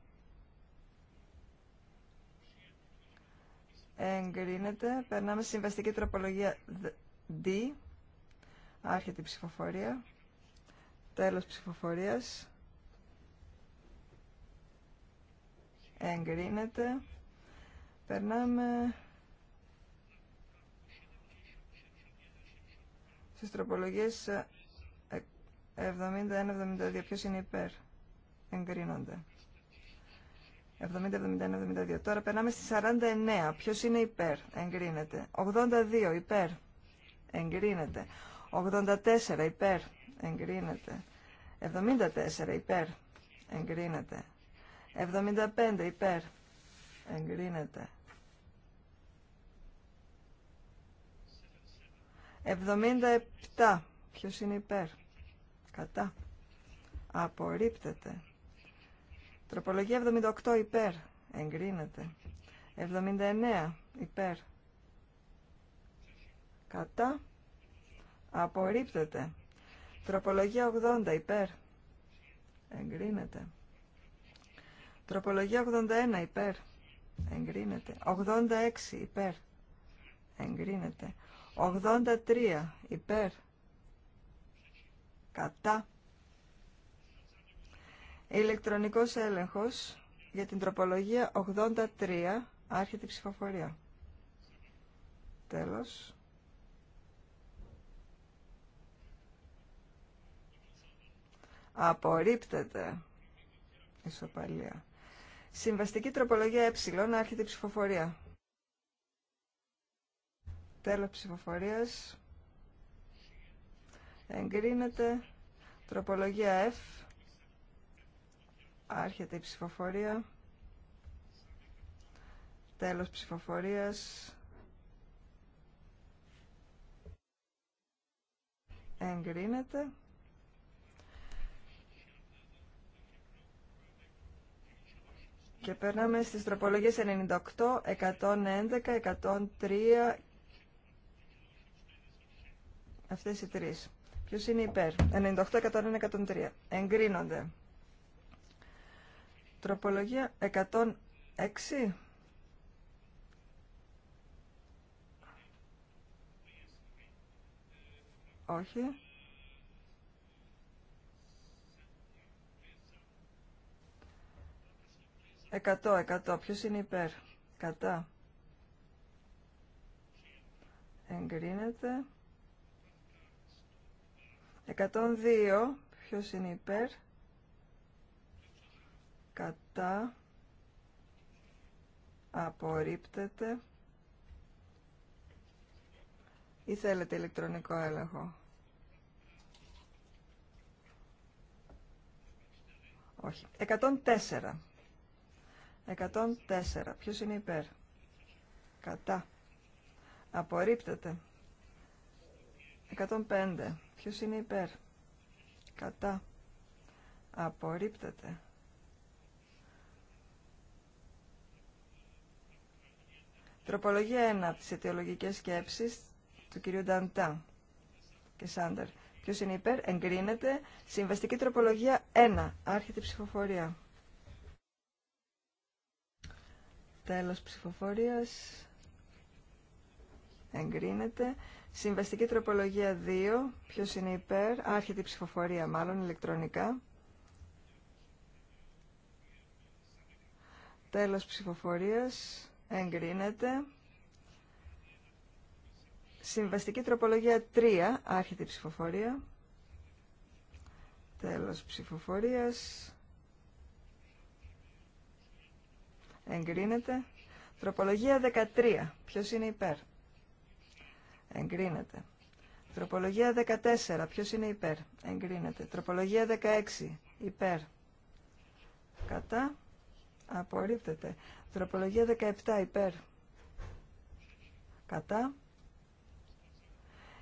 Εγκρίνεται. Περνάμε στη συμβαστική τροπολογία D. Άρχεται η ψηφοφορία. Τέλος ψηφοφορίας. Εγκρίνεται. Περνάμε στις τροπολογίες 71-72. Ποιος είναι υπέρ. Εγκρίνονται. 70-71-72. Τώρα περνάμε στις 49. Ποιος είναι υπέρ. Εγκρίνεται. 82 υπέρ. Εγκρίνεται. 84 υπέρ εγκρίνεται. 74 υπέρ, εγκρίνεται. 75 υπέρ, εγκρίνεται. 77, ποιος είναι υπέρ, κατά, απορρίπτεται. Τροπολογία 78 υπέρ, εγκρίνεται. 79 υπέρ, κατά, απορρίπτεται. Τροπολογία 80 υπέρ. Εγκρίνεται. Τροπολογία 81 υπέρ. Εγκρίνεται. 86 υπέρ. Εγκρίνεται. 83 υπέρ. Κατά. Ηλεκτρονικός έλεγχος για την τροπολογία 83. Άρχεται η ψηφοφορία. Τέλος. Απορρίπτεται. Ισοπαλία. Συμβαστική τροπολογία ε. Άρχεται η ψηφοφορία. Τέλος ψηφοφορίας. Εγκρίνεται. Τροπολογία F. Άρχεται η ψηφοφορία. Τέλος ψηφοφορίας. Εγκρίνεται. Και περνάμε στις τροπολογίες 98, 111, 103. Αυτές οι τρεις. Ποιος είναι υπέρ. 98, 101, 103. Εγκρίνονται. Τροπολογία 106. Όχι. 100, εκατό. Ποιος είναι υπέρ. Κατά. Εγκρίνεται. δύο. Ποιος είναι υπέρ. Κατά. Απορρίπτεται. Ή θέλετε ηλεκτρονικό έλεγχο. Όχι. 104. 104. Ποιος είναι υπέρ. Κατά. Απορρίπτεται. 105. Ποιος είναι υπέρ. Κατά. Απορρίπτεται. Τροπολογία 1 από τις αιτιολογικές σκέψεις του κυρίου Νταντά και Σάντερ. Ποιος είναι υπέρ. Εγκρίνεται. Συμβαστική τροπολογία 1. Άρχεται η ψηφοφορία. Τέλος ψηφοφορίας. Εγκρίνεται. Συμβαστική τροπολογία 2. Ποιος είναι υπέρ. Άρχεται η ψηφοφορία μάλλον ηλεκτρονικά. Τέλος ψηφοφορίας. Εγκρίνεται. Συμβαστική τροπολογία 3. Άρχεται η ψηφοφορία. Τέλος ψηφοφορίας. Εγκρίνεται. Τροπολογία 13. Ποιος είναι υπέρ. Εγκρίνεται. Τροπολογία 14. Ποιος είναι υπέρ. Εγκρίνεται. Τροπολογία 16. Υπέρ. Κατά. Απορρίπτεται. Τροπολογία 17. Υπέρ. Κατά.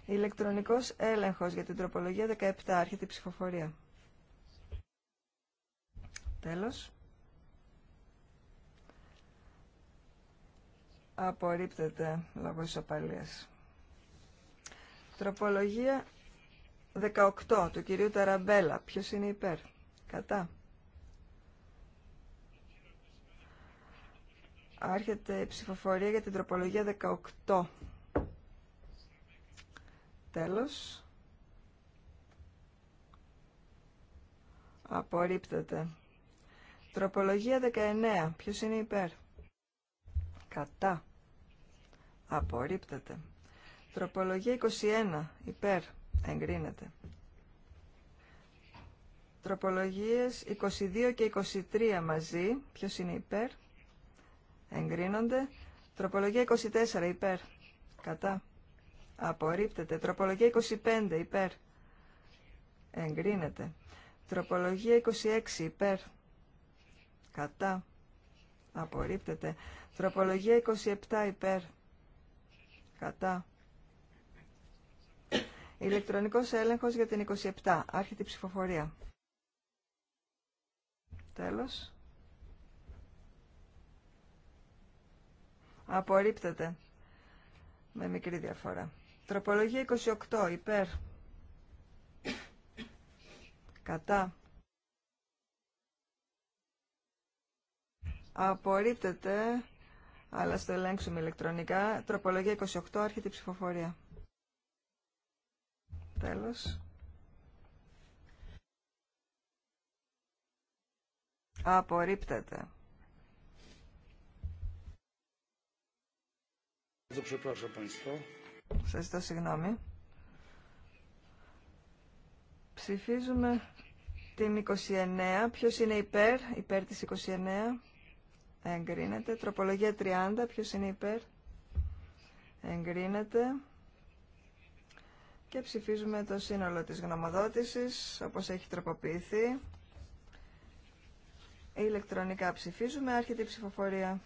Ηλεκτρονικός έλεγχος για την τροπολογία 17. Άρχεται η ψηφοφορία. Τέλος. Απορρίπτεται λόγω ισοπαλίας. Τροπολογία 18 του κυρίου Ταραμπέλα. Ποιος είναι υπέρ. Κατά. Άρχεται η ψηφοφορία για την τροπολογία 18. Τέλος. Απορρίπτεται. Τροπολογία 19. Ποιος είναι υπέρ. Κατά. Απορρίπτεται. Τροπολογία 21. Υπέρ. Εγκρίνεται. Τροπολογίες 22 και 23 μαζί. Ποιος είναι υπέρ. Εγκρίνονται. Τροπολογία 24. Υπέρ. Κατά. Απορρίπτεται. Τροπολογία 25. Υπέρ. Εγκρίνεται. Τροπολογία 26. Υπέρ. Κατά. Απορρίπτεται. Τροπολογία 27. Υπέρ Κατά. Ηλεκτρονικός έλεγχος για την 27. Άρχεται η ψηφοφορία. Τέλος. Απορρίπτεται. Με μικρή διαφορά. Τροπολογία 28. Υπέρ. Κατά. Απορρίπτεται αλλά στο ελέγξουμε ηλεκτρονικά. Τροπολογία 28, άρχεται η ψηφοφορία. Τέλος. Απορρίπτεται. Σας ζητώ συγγνώμη. Ψηφίζουμε την 29. Ποιος είναι υπέρ, υπέρ της 29 εγκρίνεται. Τροπολογία 30, ποιος είναι υπέρ, εγκρίνεται. Και ψηφίζουμε το σύνολο της γνωμοδότησης, όπως έχει τροποποιηθεί. Ηλεκτρονικά ψηφίζουμε, άρχεται η ψηφοφορία.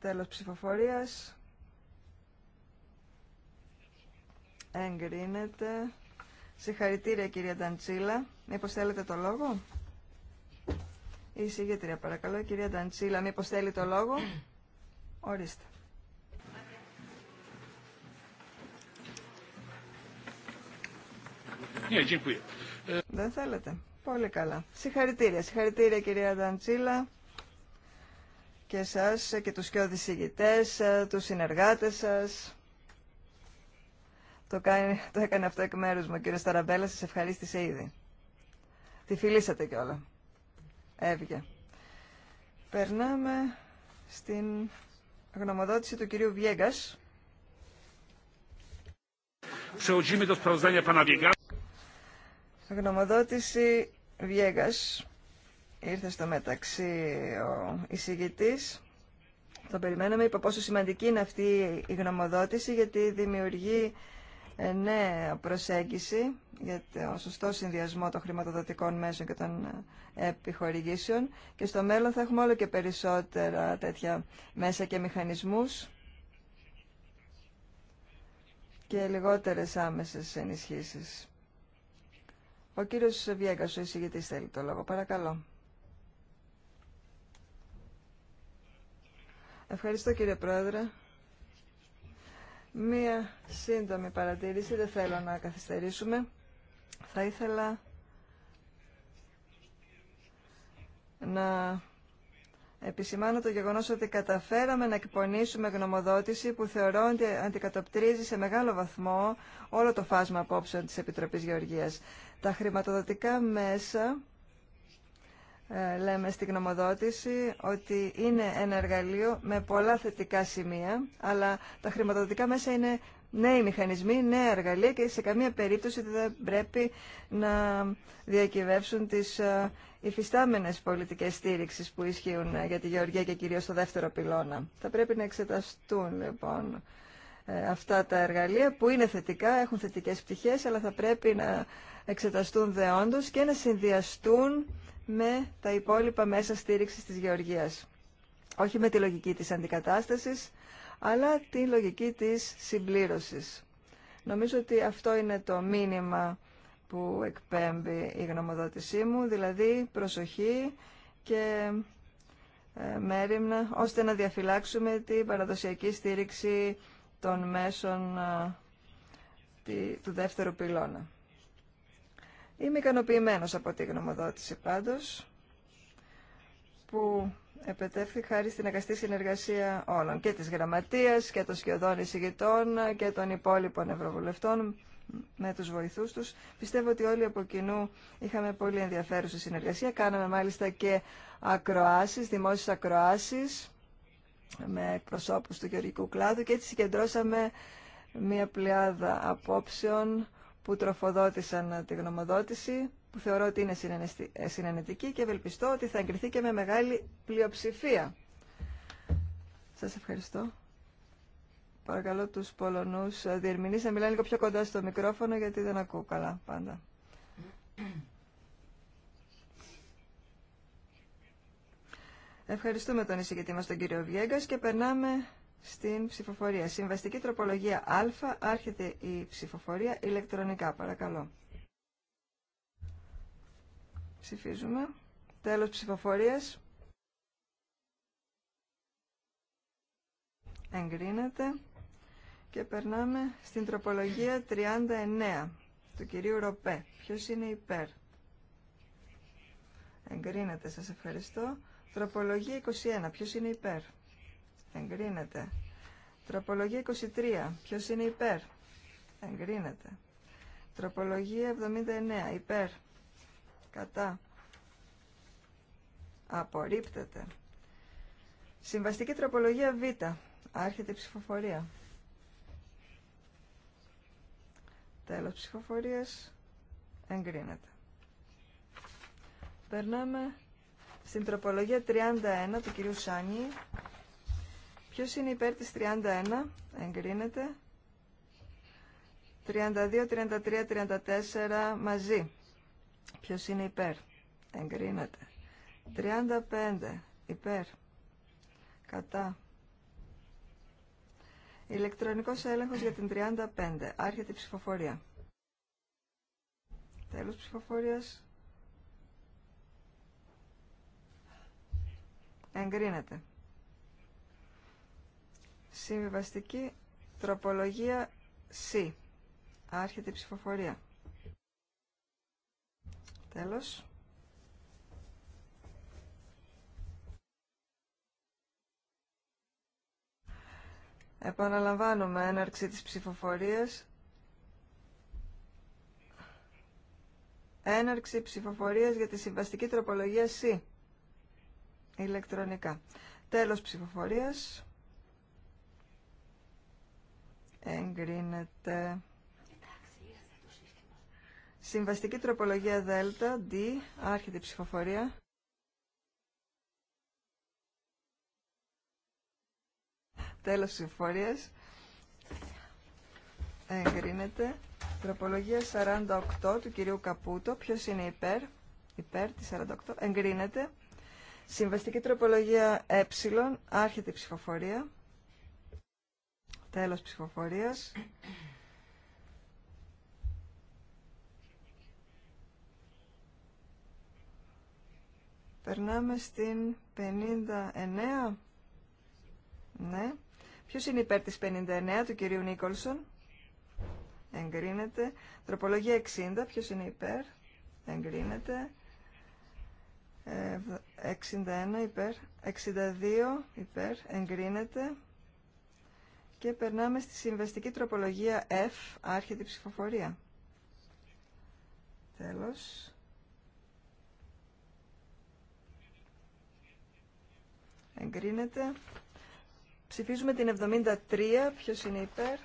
Τέλος ψηφοφορίας. Εγκρίνεται. Συγχαρητήρια κυρία Νταντσίλα. Μήπως θέλετε το λόγο. Η συγγετρία παρακαλώ. Κυρία Νταντσίλα, μήπως θέλει το λόγο. Ορίστε. Ναι, Δεν θέλετε. Πολύ καλά. Συγχαρητήρια. Συγχαρητήρια κυρία Νταντσίλα και σας και τους και οδησηγητές, ε, τους συνεργάτες σας. Το, κάνει, το έκανε αυτό εκ μέρου μου, κύριο Ταραμπέλα σα ευχαρίστησε ήδη. Τη φιλήσατε κιόλα. Έβγε. Περνάμε στην γνωμοδότηση του κυρίου Βιέγκα. Γνωμοδότηση Βιέγκα. Ήρθε στο μεταξύ ο εισηγητή. Το περιμέναμε. Είπα πόσο σημαντική είναι αυτή η γνωμοδότηση γιατί δημιουργεί ε, νέα προσέγγιση για το σωστό συνδυασμό των χρηματοδοτικών μέσων και των ε, επιχορηγήσεων και στο μέλλον θα έχουμε όλο και περισσότερα τέτοια μέσα και μηχανισμούς και λιγότερες άμεσες ενισχύσεις. Ο κύριος Βιέγκας, ο εισηγητής, θέλει το λόγο. Παρακαλώ. Ευχαριστώ κύριε Πρόεδρε. Μία σύντομη παρατήρηση, δεν θέλω να καθυστερήσουμε. Θα ήθελα να επισημάνω το γεγονός ότι καταφέραμε να εκπονήσουμε γνωμοδότηση που θεωρώ ότι αντικατοπτρίζει σε μεγάλο βαθμό όλο το φάσμα απόψεων της Επιτροπής Γεωργίας. Τα χρηματοδοτικά μέσα ε, λέμε στην γνωμοδότηση ότι είναι ένα εργαλείο με πολλά θετικά σημεία, αλλά τα χρηματοδοτικά μέσα είναι νέοι μηχανισμοί, νέα εργαλεία και σε καμία περίπτωση δεν πρέπει να διακυβεύσουν τις ε, υφιστάμενες πολιτικές στήριξης που ισχύουν για τη Γεωργία και κυρίως στο δεύτερο πυλώνα. Θα πρέπει να εξεταστούν λοιπόν ε, αυτά τα εργαλεία που είναι θετικά, έχουν θετικές πτυχές, αλλά θα πρέπει να εξεταστούν δεόντως και να συνδυαστούν με τα υπόλοιπα μέσα στήριξης της γεωργίας. Όχι με τη λογική της αντικατάστασης, αλλά τη λογική της συμπλήρωσης. Νομίζω ότι αυτό είναι το μήνυμα που εκπέμπει η γνωμοδότησή μου, δηλαδή προσοχή και ε, μέρημνα, ώστε να διαφυλάξουμε την παραδοσιακή στήριξη των μέσων ε, του δεύτερου πυλώνα. Είμαι ικανοποιημένο από τη γνωμοδότηση πάντως που επετέφθη χάρη στην αγαστή συνεργασία όλων και της γραμματείας και των σχεδόν εισηγητών και των υπόλοιπων ευρωβουλευτών με τους βοηθούς τους. Πιστεύω ότι όλοι από κοινού είχαμε πολύ ενδιαφέρουσα συνεργασία. Κάναμε μάλιστα και ακροάσεις, δημόσιες ακροάσεις με εκπροσώπους του γεωργικού κλάδου και έτσι συγκεντρώσαμε μια πλειάδα απόψεων που τροφοδότησαν τη γνωμοδότηση, που θεωρώ ότι είναι ε, συνενετική και ευελπιστώ ότι θα εγκριθεί και με μεγάλη πλειοψηφία. Σας ευχαριστώ. Παρακαλώ τους Πολωνούς ε, διερμηνείς να μιλάνε λίγο πιο κοντά στο μικρόφωνο γιατί δεν ακούω καλά πάντα. Ευχαριστούμε τον εισηγητή μας τον κύριο Βιέγκας και περνάμε στην ψηφοφορία. Συμβαστική τροπολογία Α, άρχεται η ψηφοφορία ηλεκτρονικά, παρακαλώ. Ψηφίζουμε. Τέλος ψηφοφορίας. Εγκρίνεται. Και περνάμε στην τροπολογία 39 του κυρίου Ροπέ. Ποιος είναι υπέρ. Εγκρίνεται, σας ευχαριστώ. Τροπολογία 21. Ποιος είναι υπέρ. Εγκρίνεται. Τροπολογία 23. Ποιος είναι υπέρ. Εγκρίνεται. Τροπολογία 79. Υπέρ. Κατά. Απορρίπτεται. Συμβαστική τροπολογία Β. Άρχεται η ψηφοφορία. Τέλος ψηφοφορίας. Εγκρίνεται. Περνάμε στην τροπολογία 31 του κυρίου Σάνι. Ποιος είναι υπέρ της 31, εγκρίνεται. 32, 33, 34 μαζί. Ποιος είναι υπέρ, εγκρίνεται. 35, υπέρ, κατά. Ηλεκτρονικός έλεγχος για την 35, άρχεται η ψηφοφορία. Τέλος ψηφοφορίας. Εγκρίνεται. Συμβιβαστική τροπολογία C. Άρχεται η ψηφοφορία. Τέλος. Επαναλαμβάνουμε έναρξη της ψηφοφορίας. Έναρξη ψηφοφορίας για τη συμβαστική τροπολογία C. Ηλεκτρονικά. Τέλος ψηφοφορίας εγκρίνεται. Συμβαστική τροπολογία Δέλτα, D, άρχεται η ψηφοφορία. Τέλος της ψηφοφορίας. Εγκρίνεται. Τροπολογία 48 του κυρίου Καπούτο. Ποιος είναι υπέρ. Υπέρ τη 48. Εγκρίνεται. Συμβαστική τροπολογία ε. Άρχεται η ψηφοφορία. Τέλος ψηφοφορίας. Περνάμε στην 59. Ναι. Ποιος είναι υπέρ της 59 του κυρίου Νίκολσον. Εγκρίνεται. Τροπολογία 60. Ποιος είναι υπέρ. Εγκρίνεται. 61 ε, υπέρ. 62 υπέρ. Εγκρίνεται. Και περνάμε στη συμβαστική τροπολογία F, άρχεται ψηφοφορία. Τέλος. Εγκρίνεται. Ψηφίζουμε την 73, ποιος είναι υπέρ.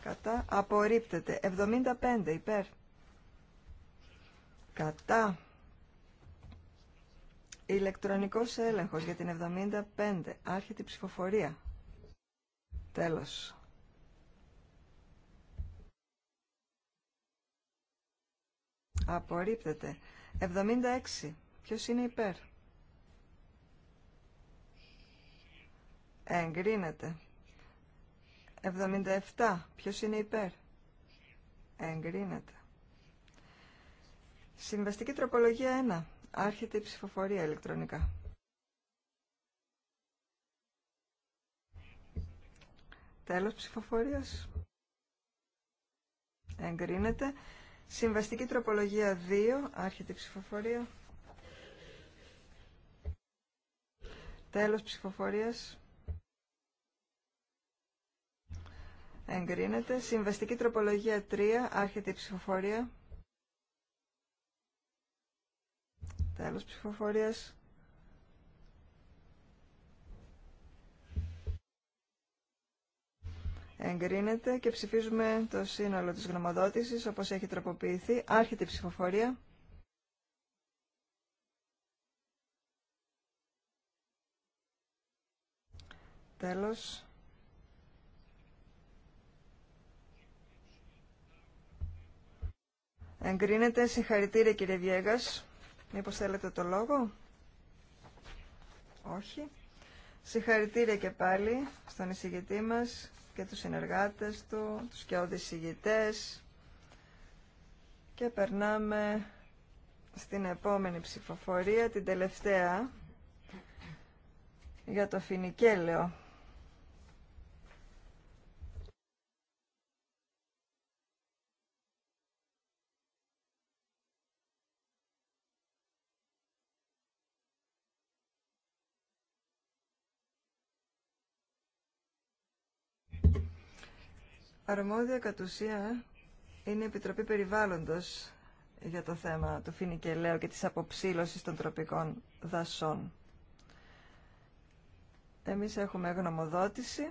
Κατά. Απορρίπτεται. 75 υπέρ. Κατά. Ηλεκτρονικός έλεγχος για την 75. Άρχεται η ψηφοφορία. Τέλος. Απορρίπτεται. 76. Ποιος είναι υπέρ. Εγκρίνεται. 77. Ποιος είναι υπέρ. Εγκρίνεται. Συμβαστική τροπολογία 1. Άρχεται η ψηφοφορία ηλεκτρονικά. Τέλος ψηφοφορίας. Εγκρίνεται. Συμβαστική τροπολογία 2. Άρχεται η ψηφοφορία. Τέλος ψηφοφορίας. Εγκρίνεται. Συμβαστική τροπολογία 3. Άρχεται η ψηφοφορία. Τέλος ψηφοφορίας. εγκρίνεται και ψηφίζουμε το σύνολο της γνωμοδότησης όπως έχει τροποποιηθεί. Άρχεται η ψηφοφορία. Τέλος. Εγκρίνεται. Συγχαρητήρια κύριε Βιέγας. Μήπως θέλετε το λόγο. Όχι. Συγχαρητήρια και πάλι στον εισηγητή μας και τους συνεργάτες του, τους και ηγητές Και περνάμε στην επόμενη ψηφοφορία, την τελευταία, για το φινικέλαιο. Αρμόδια κατ' ουσία είναι η Επιτροπή Περιβάλλοντος για το θέμα του φινικελαίου και της αποψήλωσης των τροπικών δασών. Εμείς έχουμε γνωμοδότηση,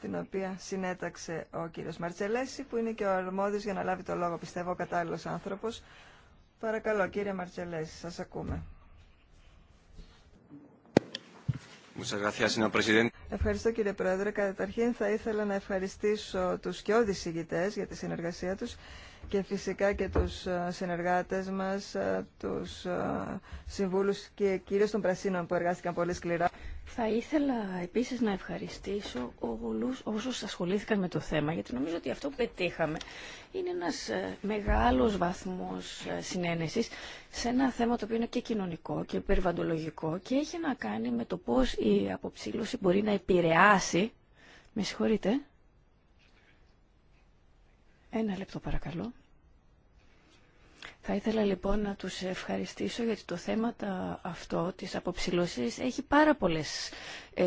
την οποία συνέταξε ο κύριος Μαρτσελέση, που είναι και ο αρμόδιος για να λάβει το λόγο, πιστεύω, ο κατάλληλος άνθρωπος. Παρακαλώ, κύριε Μαρτσελέση, σας ακούμε. Ευχαριστώ κύριε Πρόεδρε. Καταρχήν θα ήθελα να ευχαριστήσω τους και ηγητές για τη συνεργασία τους και φυσικά και τους ε, συνεργάτες μας, ε, τους ε, συμβούλους και κυρίως των Πρασίνων που εργάστηκαν πολύ σκληρά. Θα ήθελα επίσης να ευχαριστήσω όλους όσους ασχολήθηκαν με το θέμα, γιατί νομίζω ότι αυτό που πετύχαμε είναι ένας μεγάλος βαθμός συνένεσης σε ένα θέμα το οποίο είναι και κοινωνικό και περιβαντολογικό και έχει να κάνει με το πώς η αποψήλωση μπορεί να επηρεάσει, με συγχωρείτε, ένα λεπτό παρακαλώ. Θα ήθελα λοιπόν να τους ευχαριστήσω γιατί το θέμα αυτό της αποψηλώσεις έχει πάρα πολλές ε,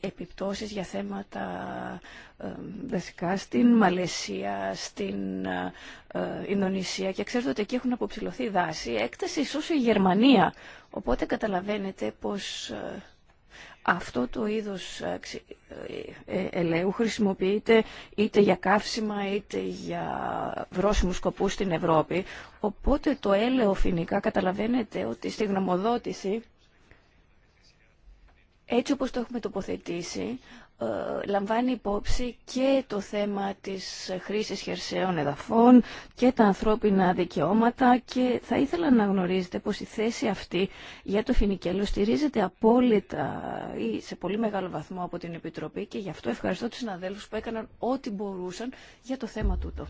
επιπτώσεις για θέματα ε, βασικά στην Μαλαισία, στην ε, Ινδονησία και ξέρετε ότι εκεί έχουν αποψηλωθεί δάση. Έκταση ίσως η Γερμανία. Οπότε καταλαβαίνετε πως... Ε, αυτό το είδος ε, ε, ε, ελαιού χρησιμοποιείται είτε για καύσιμα είτε για βρόσιμους σκοπούς στην Ευρώπη. Οπότε το έλαιο φοινικά καταλαβαίνετε ότι στη γνωμοδότηση έτσι όπως το έχουμε τοποθετήσει, ε, λαμβάνει υπόψη και το θέμα της χρήσης χερσαίων εδαφών και τα ανθρώπινα δικαιώματα και θα ήθελα να γνωρίζετε πως η θέση αυτή για το φινικέλο στηρίζεται απόλυτα ή σε πολύ μεγάλο βαθμό από την Επιτροπή και γι' αυτό ευχαριστώ τους συναδέλφους που έκαναν ό,τι μπορούσαν για το θέμα τούτο.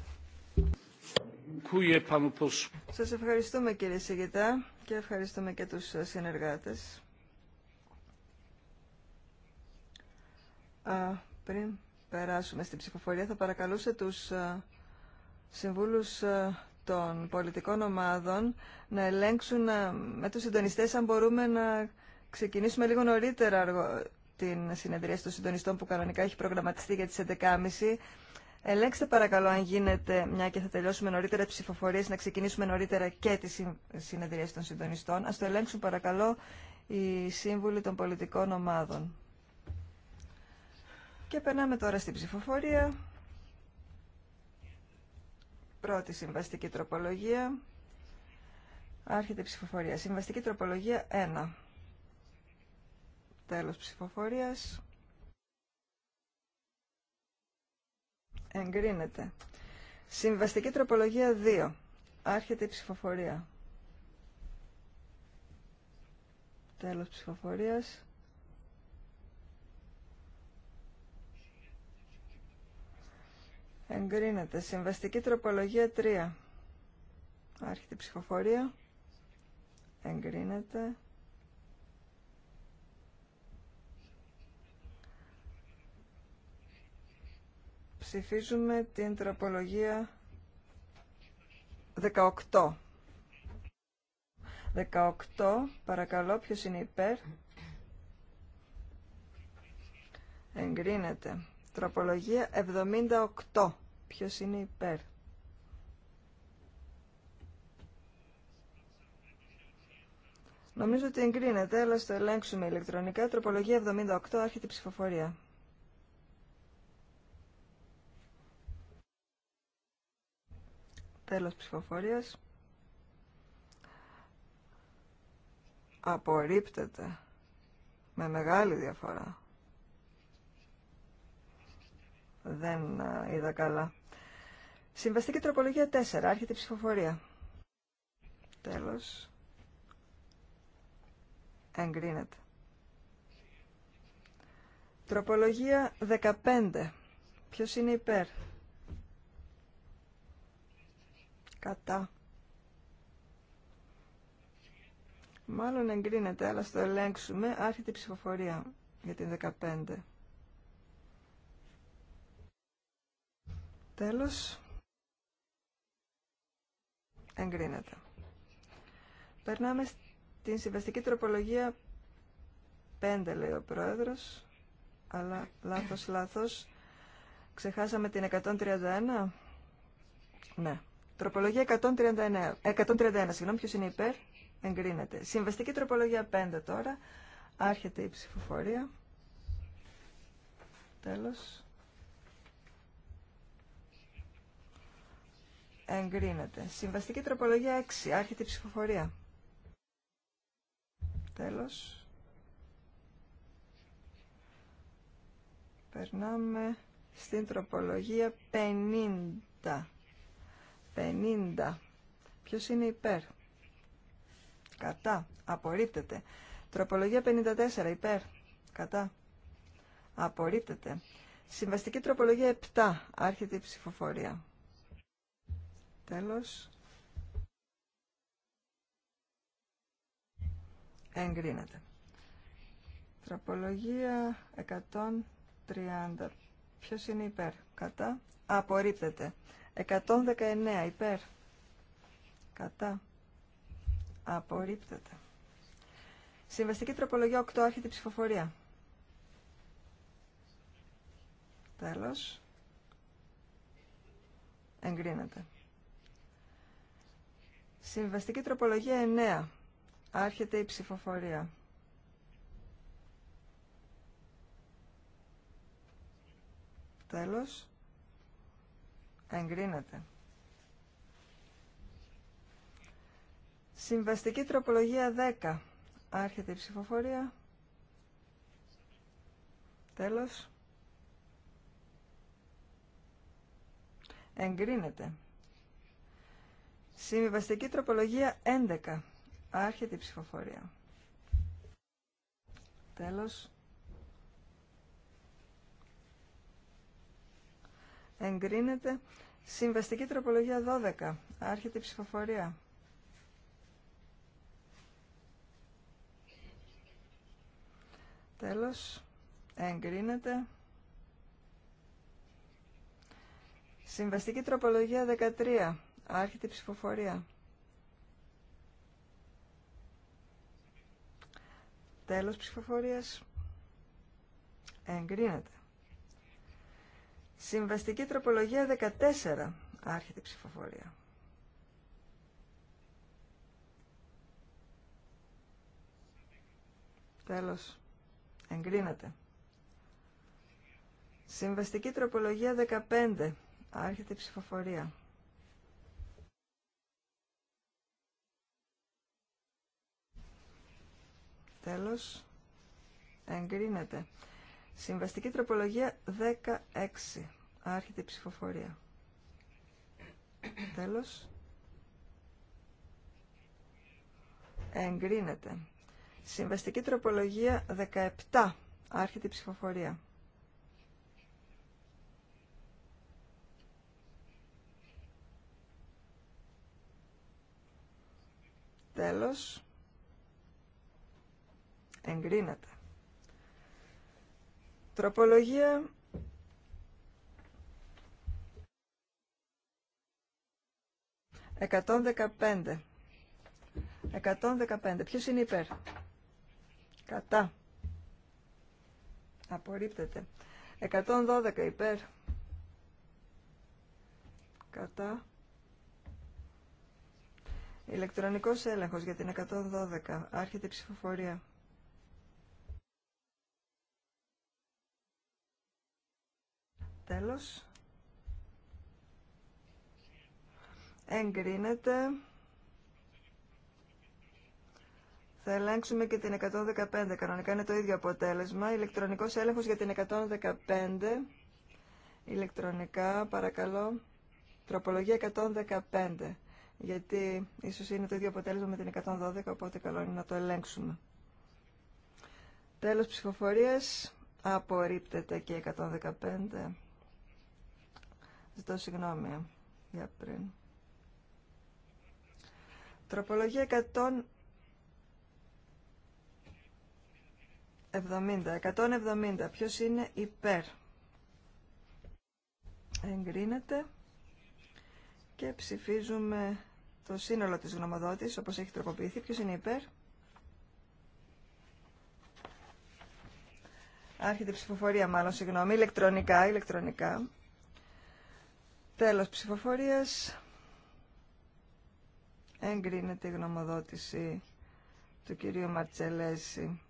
Σας ευχαριστούμε κύριε Σιγητά και ευχαριστούμε και τους συνεργάτες. πριν περάσουμε στην ψηφοφορία, θα παρακαλούσε τους συμβούλους των πολιτικών ομάδων να ελέγξουν με τους συντονιστές αν μπορούμε να ξεκινήσουμε λίγο νωρίτερα την συνεδρία των συντονιστών που κανονικά έχει προγραμματιστεί για τις 11.30. Ελέγξτε παρακαλώ αν γίνεται, μια και θα τελειώσουμε νωρίτερα τις ψηφοφορίες, να ξεκινήσουμε νωρίτερα και τι συνεδρίες των συντονιστών. Ας το ελέγξουν παρακαλώ οι σύμβουλοι των πολιτικών ομάδων. Και περνάμε τώρα στην ψηφοφορία. Πρώτη συμβαστική τροπολογία. Άρχεται η ψηφοφορία. Συμβαστική τροπολογία 1. Τέλος ψηφοφορίας. Εγκρίνεται. Συμβαστική τροπολογία 2. Άρχεται η ψηφοφορία. Τέλος ψηφοφορίας. Εγκρίνεται. Συμβαστική τροπολογία 3. Άρχεται η ψηφοφορία. Εγκρίνεται. Ψηφίζουμε την τροπολογία 18. 18. Παρακαλώ, ποιος είναι υπέρ. Εγκρίνεται. Τροπολογία 78. Ποιος είναι υπέρ. Νομίζω ότι εγκρίνεται, αλλά στο ελέγξουμε ηλεκτρονικά. Τροπολογία 78, άρχεται η ψηφοφορία. Τέλος ψηφοφορίας. Απορρίπτεται. Με μεγάλη διαφορά. Δεν ε, είδα καλά. Συμβαστική τροπολογία 4. Άρχεται η ψηφοφορία. Τέλος. Εγκρίνεται. Τροπολογία 15. Ποιος είναι υπέρ. Κατά. Μάλλον εγκρίνεται, αλλά στο ελέγξουμε. Άρχεται η ψηφοφορία για την 15. Τέλος. Εγκρίνεται. Περνάμε στην συμβαστική τροπολογία 5, λέει ο Πρόεδρος. Αλλά λάθος, λάθος. Ξεχάσαμε την 131. Ναι. Τροπολογία 139. 131, συγγνώμη, ποιος είναι υπέρ. Εγκρίνεται. Συμβαστική τροπολογία 5 τώρα. Άρχεται η ψηφοφορία. Τέλος. εγκρίνεται. Συμβαστική τροπολογία 6. Άρχεται η ψηφοφορία. Τέλος. Περνάμε στην τροπολογία 50. 50. Ποιος είναι υπέρ. Κατά. Απορρίπτεται. Τροπολογία 54. Υπέρ. Κατά. Απορρίπτεται. Συμβαστική τροπολογία 7. Άρχεται η ψηφοφορία. Τέλος. Εγκρίνεται. Τροπολογία 130. Ποιος είναι υπέρ. Κατά. Απορρίπτεται. 119 υπέρ. Κατά. Απορρίπτεται. Συμβαστική τροπολογία 8. Άρχεται ψηφοφορία. Τέλος. Εγκρίνεται. Συμβαστική τροπολογία 9. Άρχεται η ψηφοφορία. Τέλος. Εγκρίνεται. Συμβαστική τροπολογία 10. Άρχεται η ψηφοφορία. Τέλος. Εγκρίνεται. Συμβιβαστική τροπολογία 11. Άρχεται η ψηφοφορία. Τέλος. Εγκρίνεται. Συμβαστική τροπολογία 12. Άρχεται η ψηφοφορία. Τέλος. Εγκρίνεται. Συμβαστική τροπολογία 13. Άρχεται η ψηφοφορία. Τέλος ψηφοφορίας. Εγκρίνεται. Συμβαστική τροπολογία 14. Άρχεται η ψηφοφορία. Τέλος. Εγκρίνεται. Συμβαστική τροπολογία 15. Άρχεται η ψηφοφορία. Τέλος, εγκρίνεται. Συμβαστική τροπολογία 16. Άρχεται η ψηφοφορία. Τέλος. Εγκρίνεται. Συμβαστική τροπολογία 17. Άρχεται η ψηφοφορία. Τέλος. Εγκρίνατε. Τροπολογία 115. 115. Ποιος είναι υπέρ. Κατά. Απορρίπτεται. 112 υπέρ. Κατά. Ηλεκτρονικός έλεγχος για την 112. Άρχεται η ψηφοφορία. Τέλος. Εγκρίνεται. Θα ελέγξουμε και την 115. Κανονικά είναι το ίδιο αποτέλεσμα. Ηλεκτρονικός έλεγχος για την 115. Ηλεκτρονικά, παρακαλώ. Τροπολογία 115. Γιατί ίσως είναι το ίδιο αποτέλεσμα με την 112, οπότε καλό είναι να το ελέγξουμε. Τέλος ψηφοφορίας. Απορρίπτεται και 115. Ζητώ συγγνώμη για πριν. Τροπολογία 170. 170. Ποιος είναι υπέρ. Εγκρίνεται. Και ψηφίζουμε το σύνολο της γνωμοδότης, όπως έχει τροποποιηθεί. Ποιος είναι υπέρ. Άρχεται η ψηφοφορία μάλλον, συγγνώμη, ηλεκτρονικά, ηλεκτρονικά. Τέλος ψηφοφορίας. Εγκρίνεται η γνωμοδότηση του κυρίου Μαρτσελέση.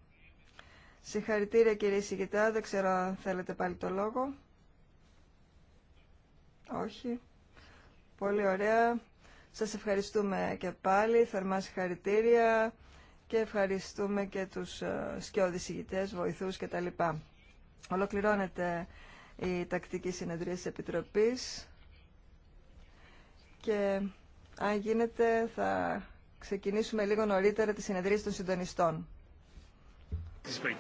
Συγχαρητήρια κύριε Σιγητά, δεν ξέρω αν θέλετε πάλι το λόγο. Όχι. Πολύ ωραία. Σας ευχαριστούμε και πάλι, θερμά συγχαρητήρια και ευχαριστούμε και τους ε, σκιώδης ηγητές, βοηθούς κτλ. Ολοκληρώνεται η τακτική συνεδρία της Επιτροπής και αν γίνεται θα ξεκινήσουμε λίγο νωρίτερα τη συνεδρίαση των συντονιστών. Participate.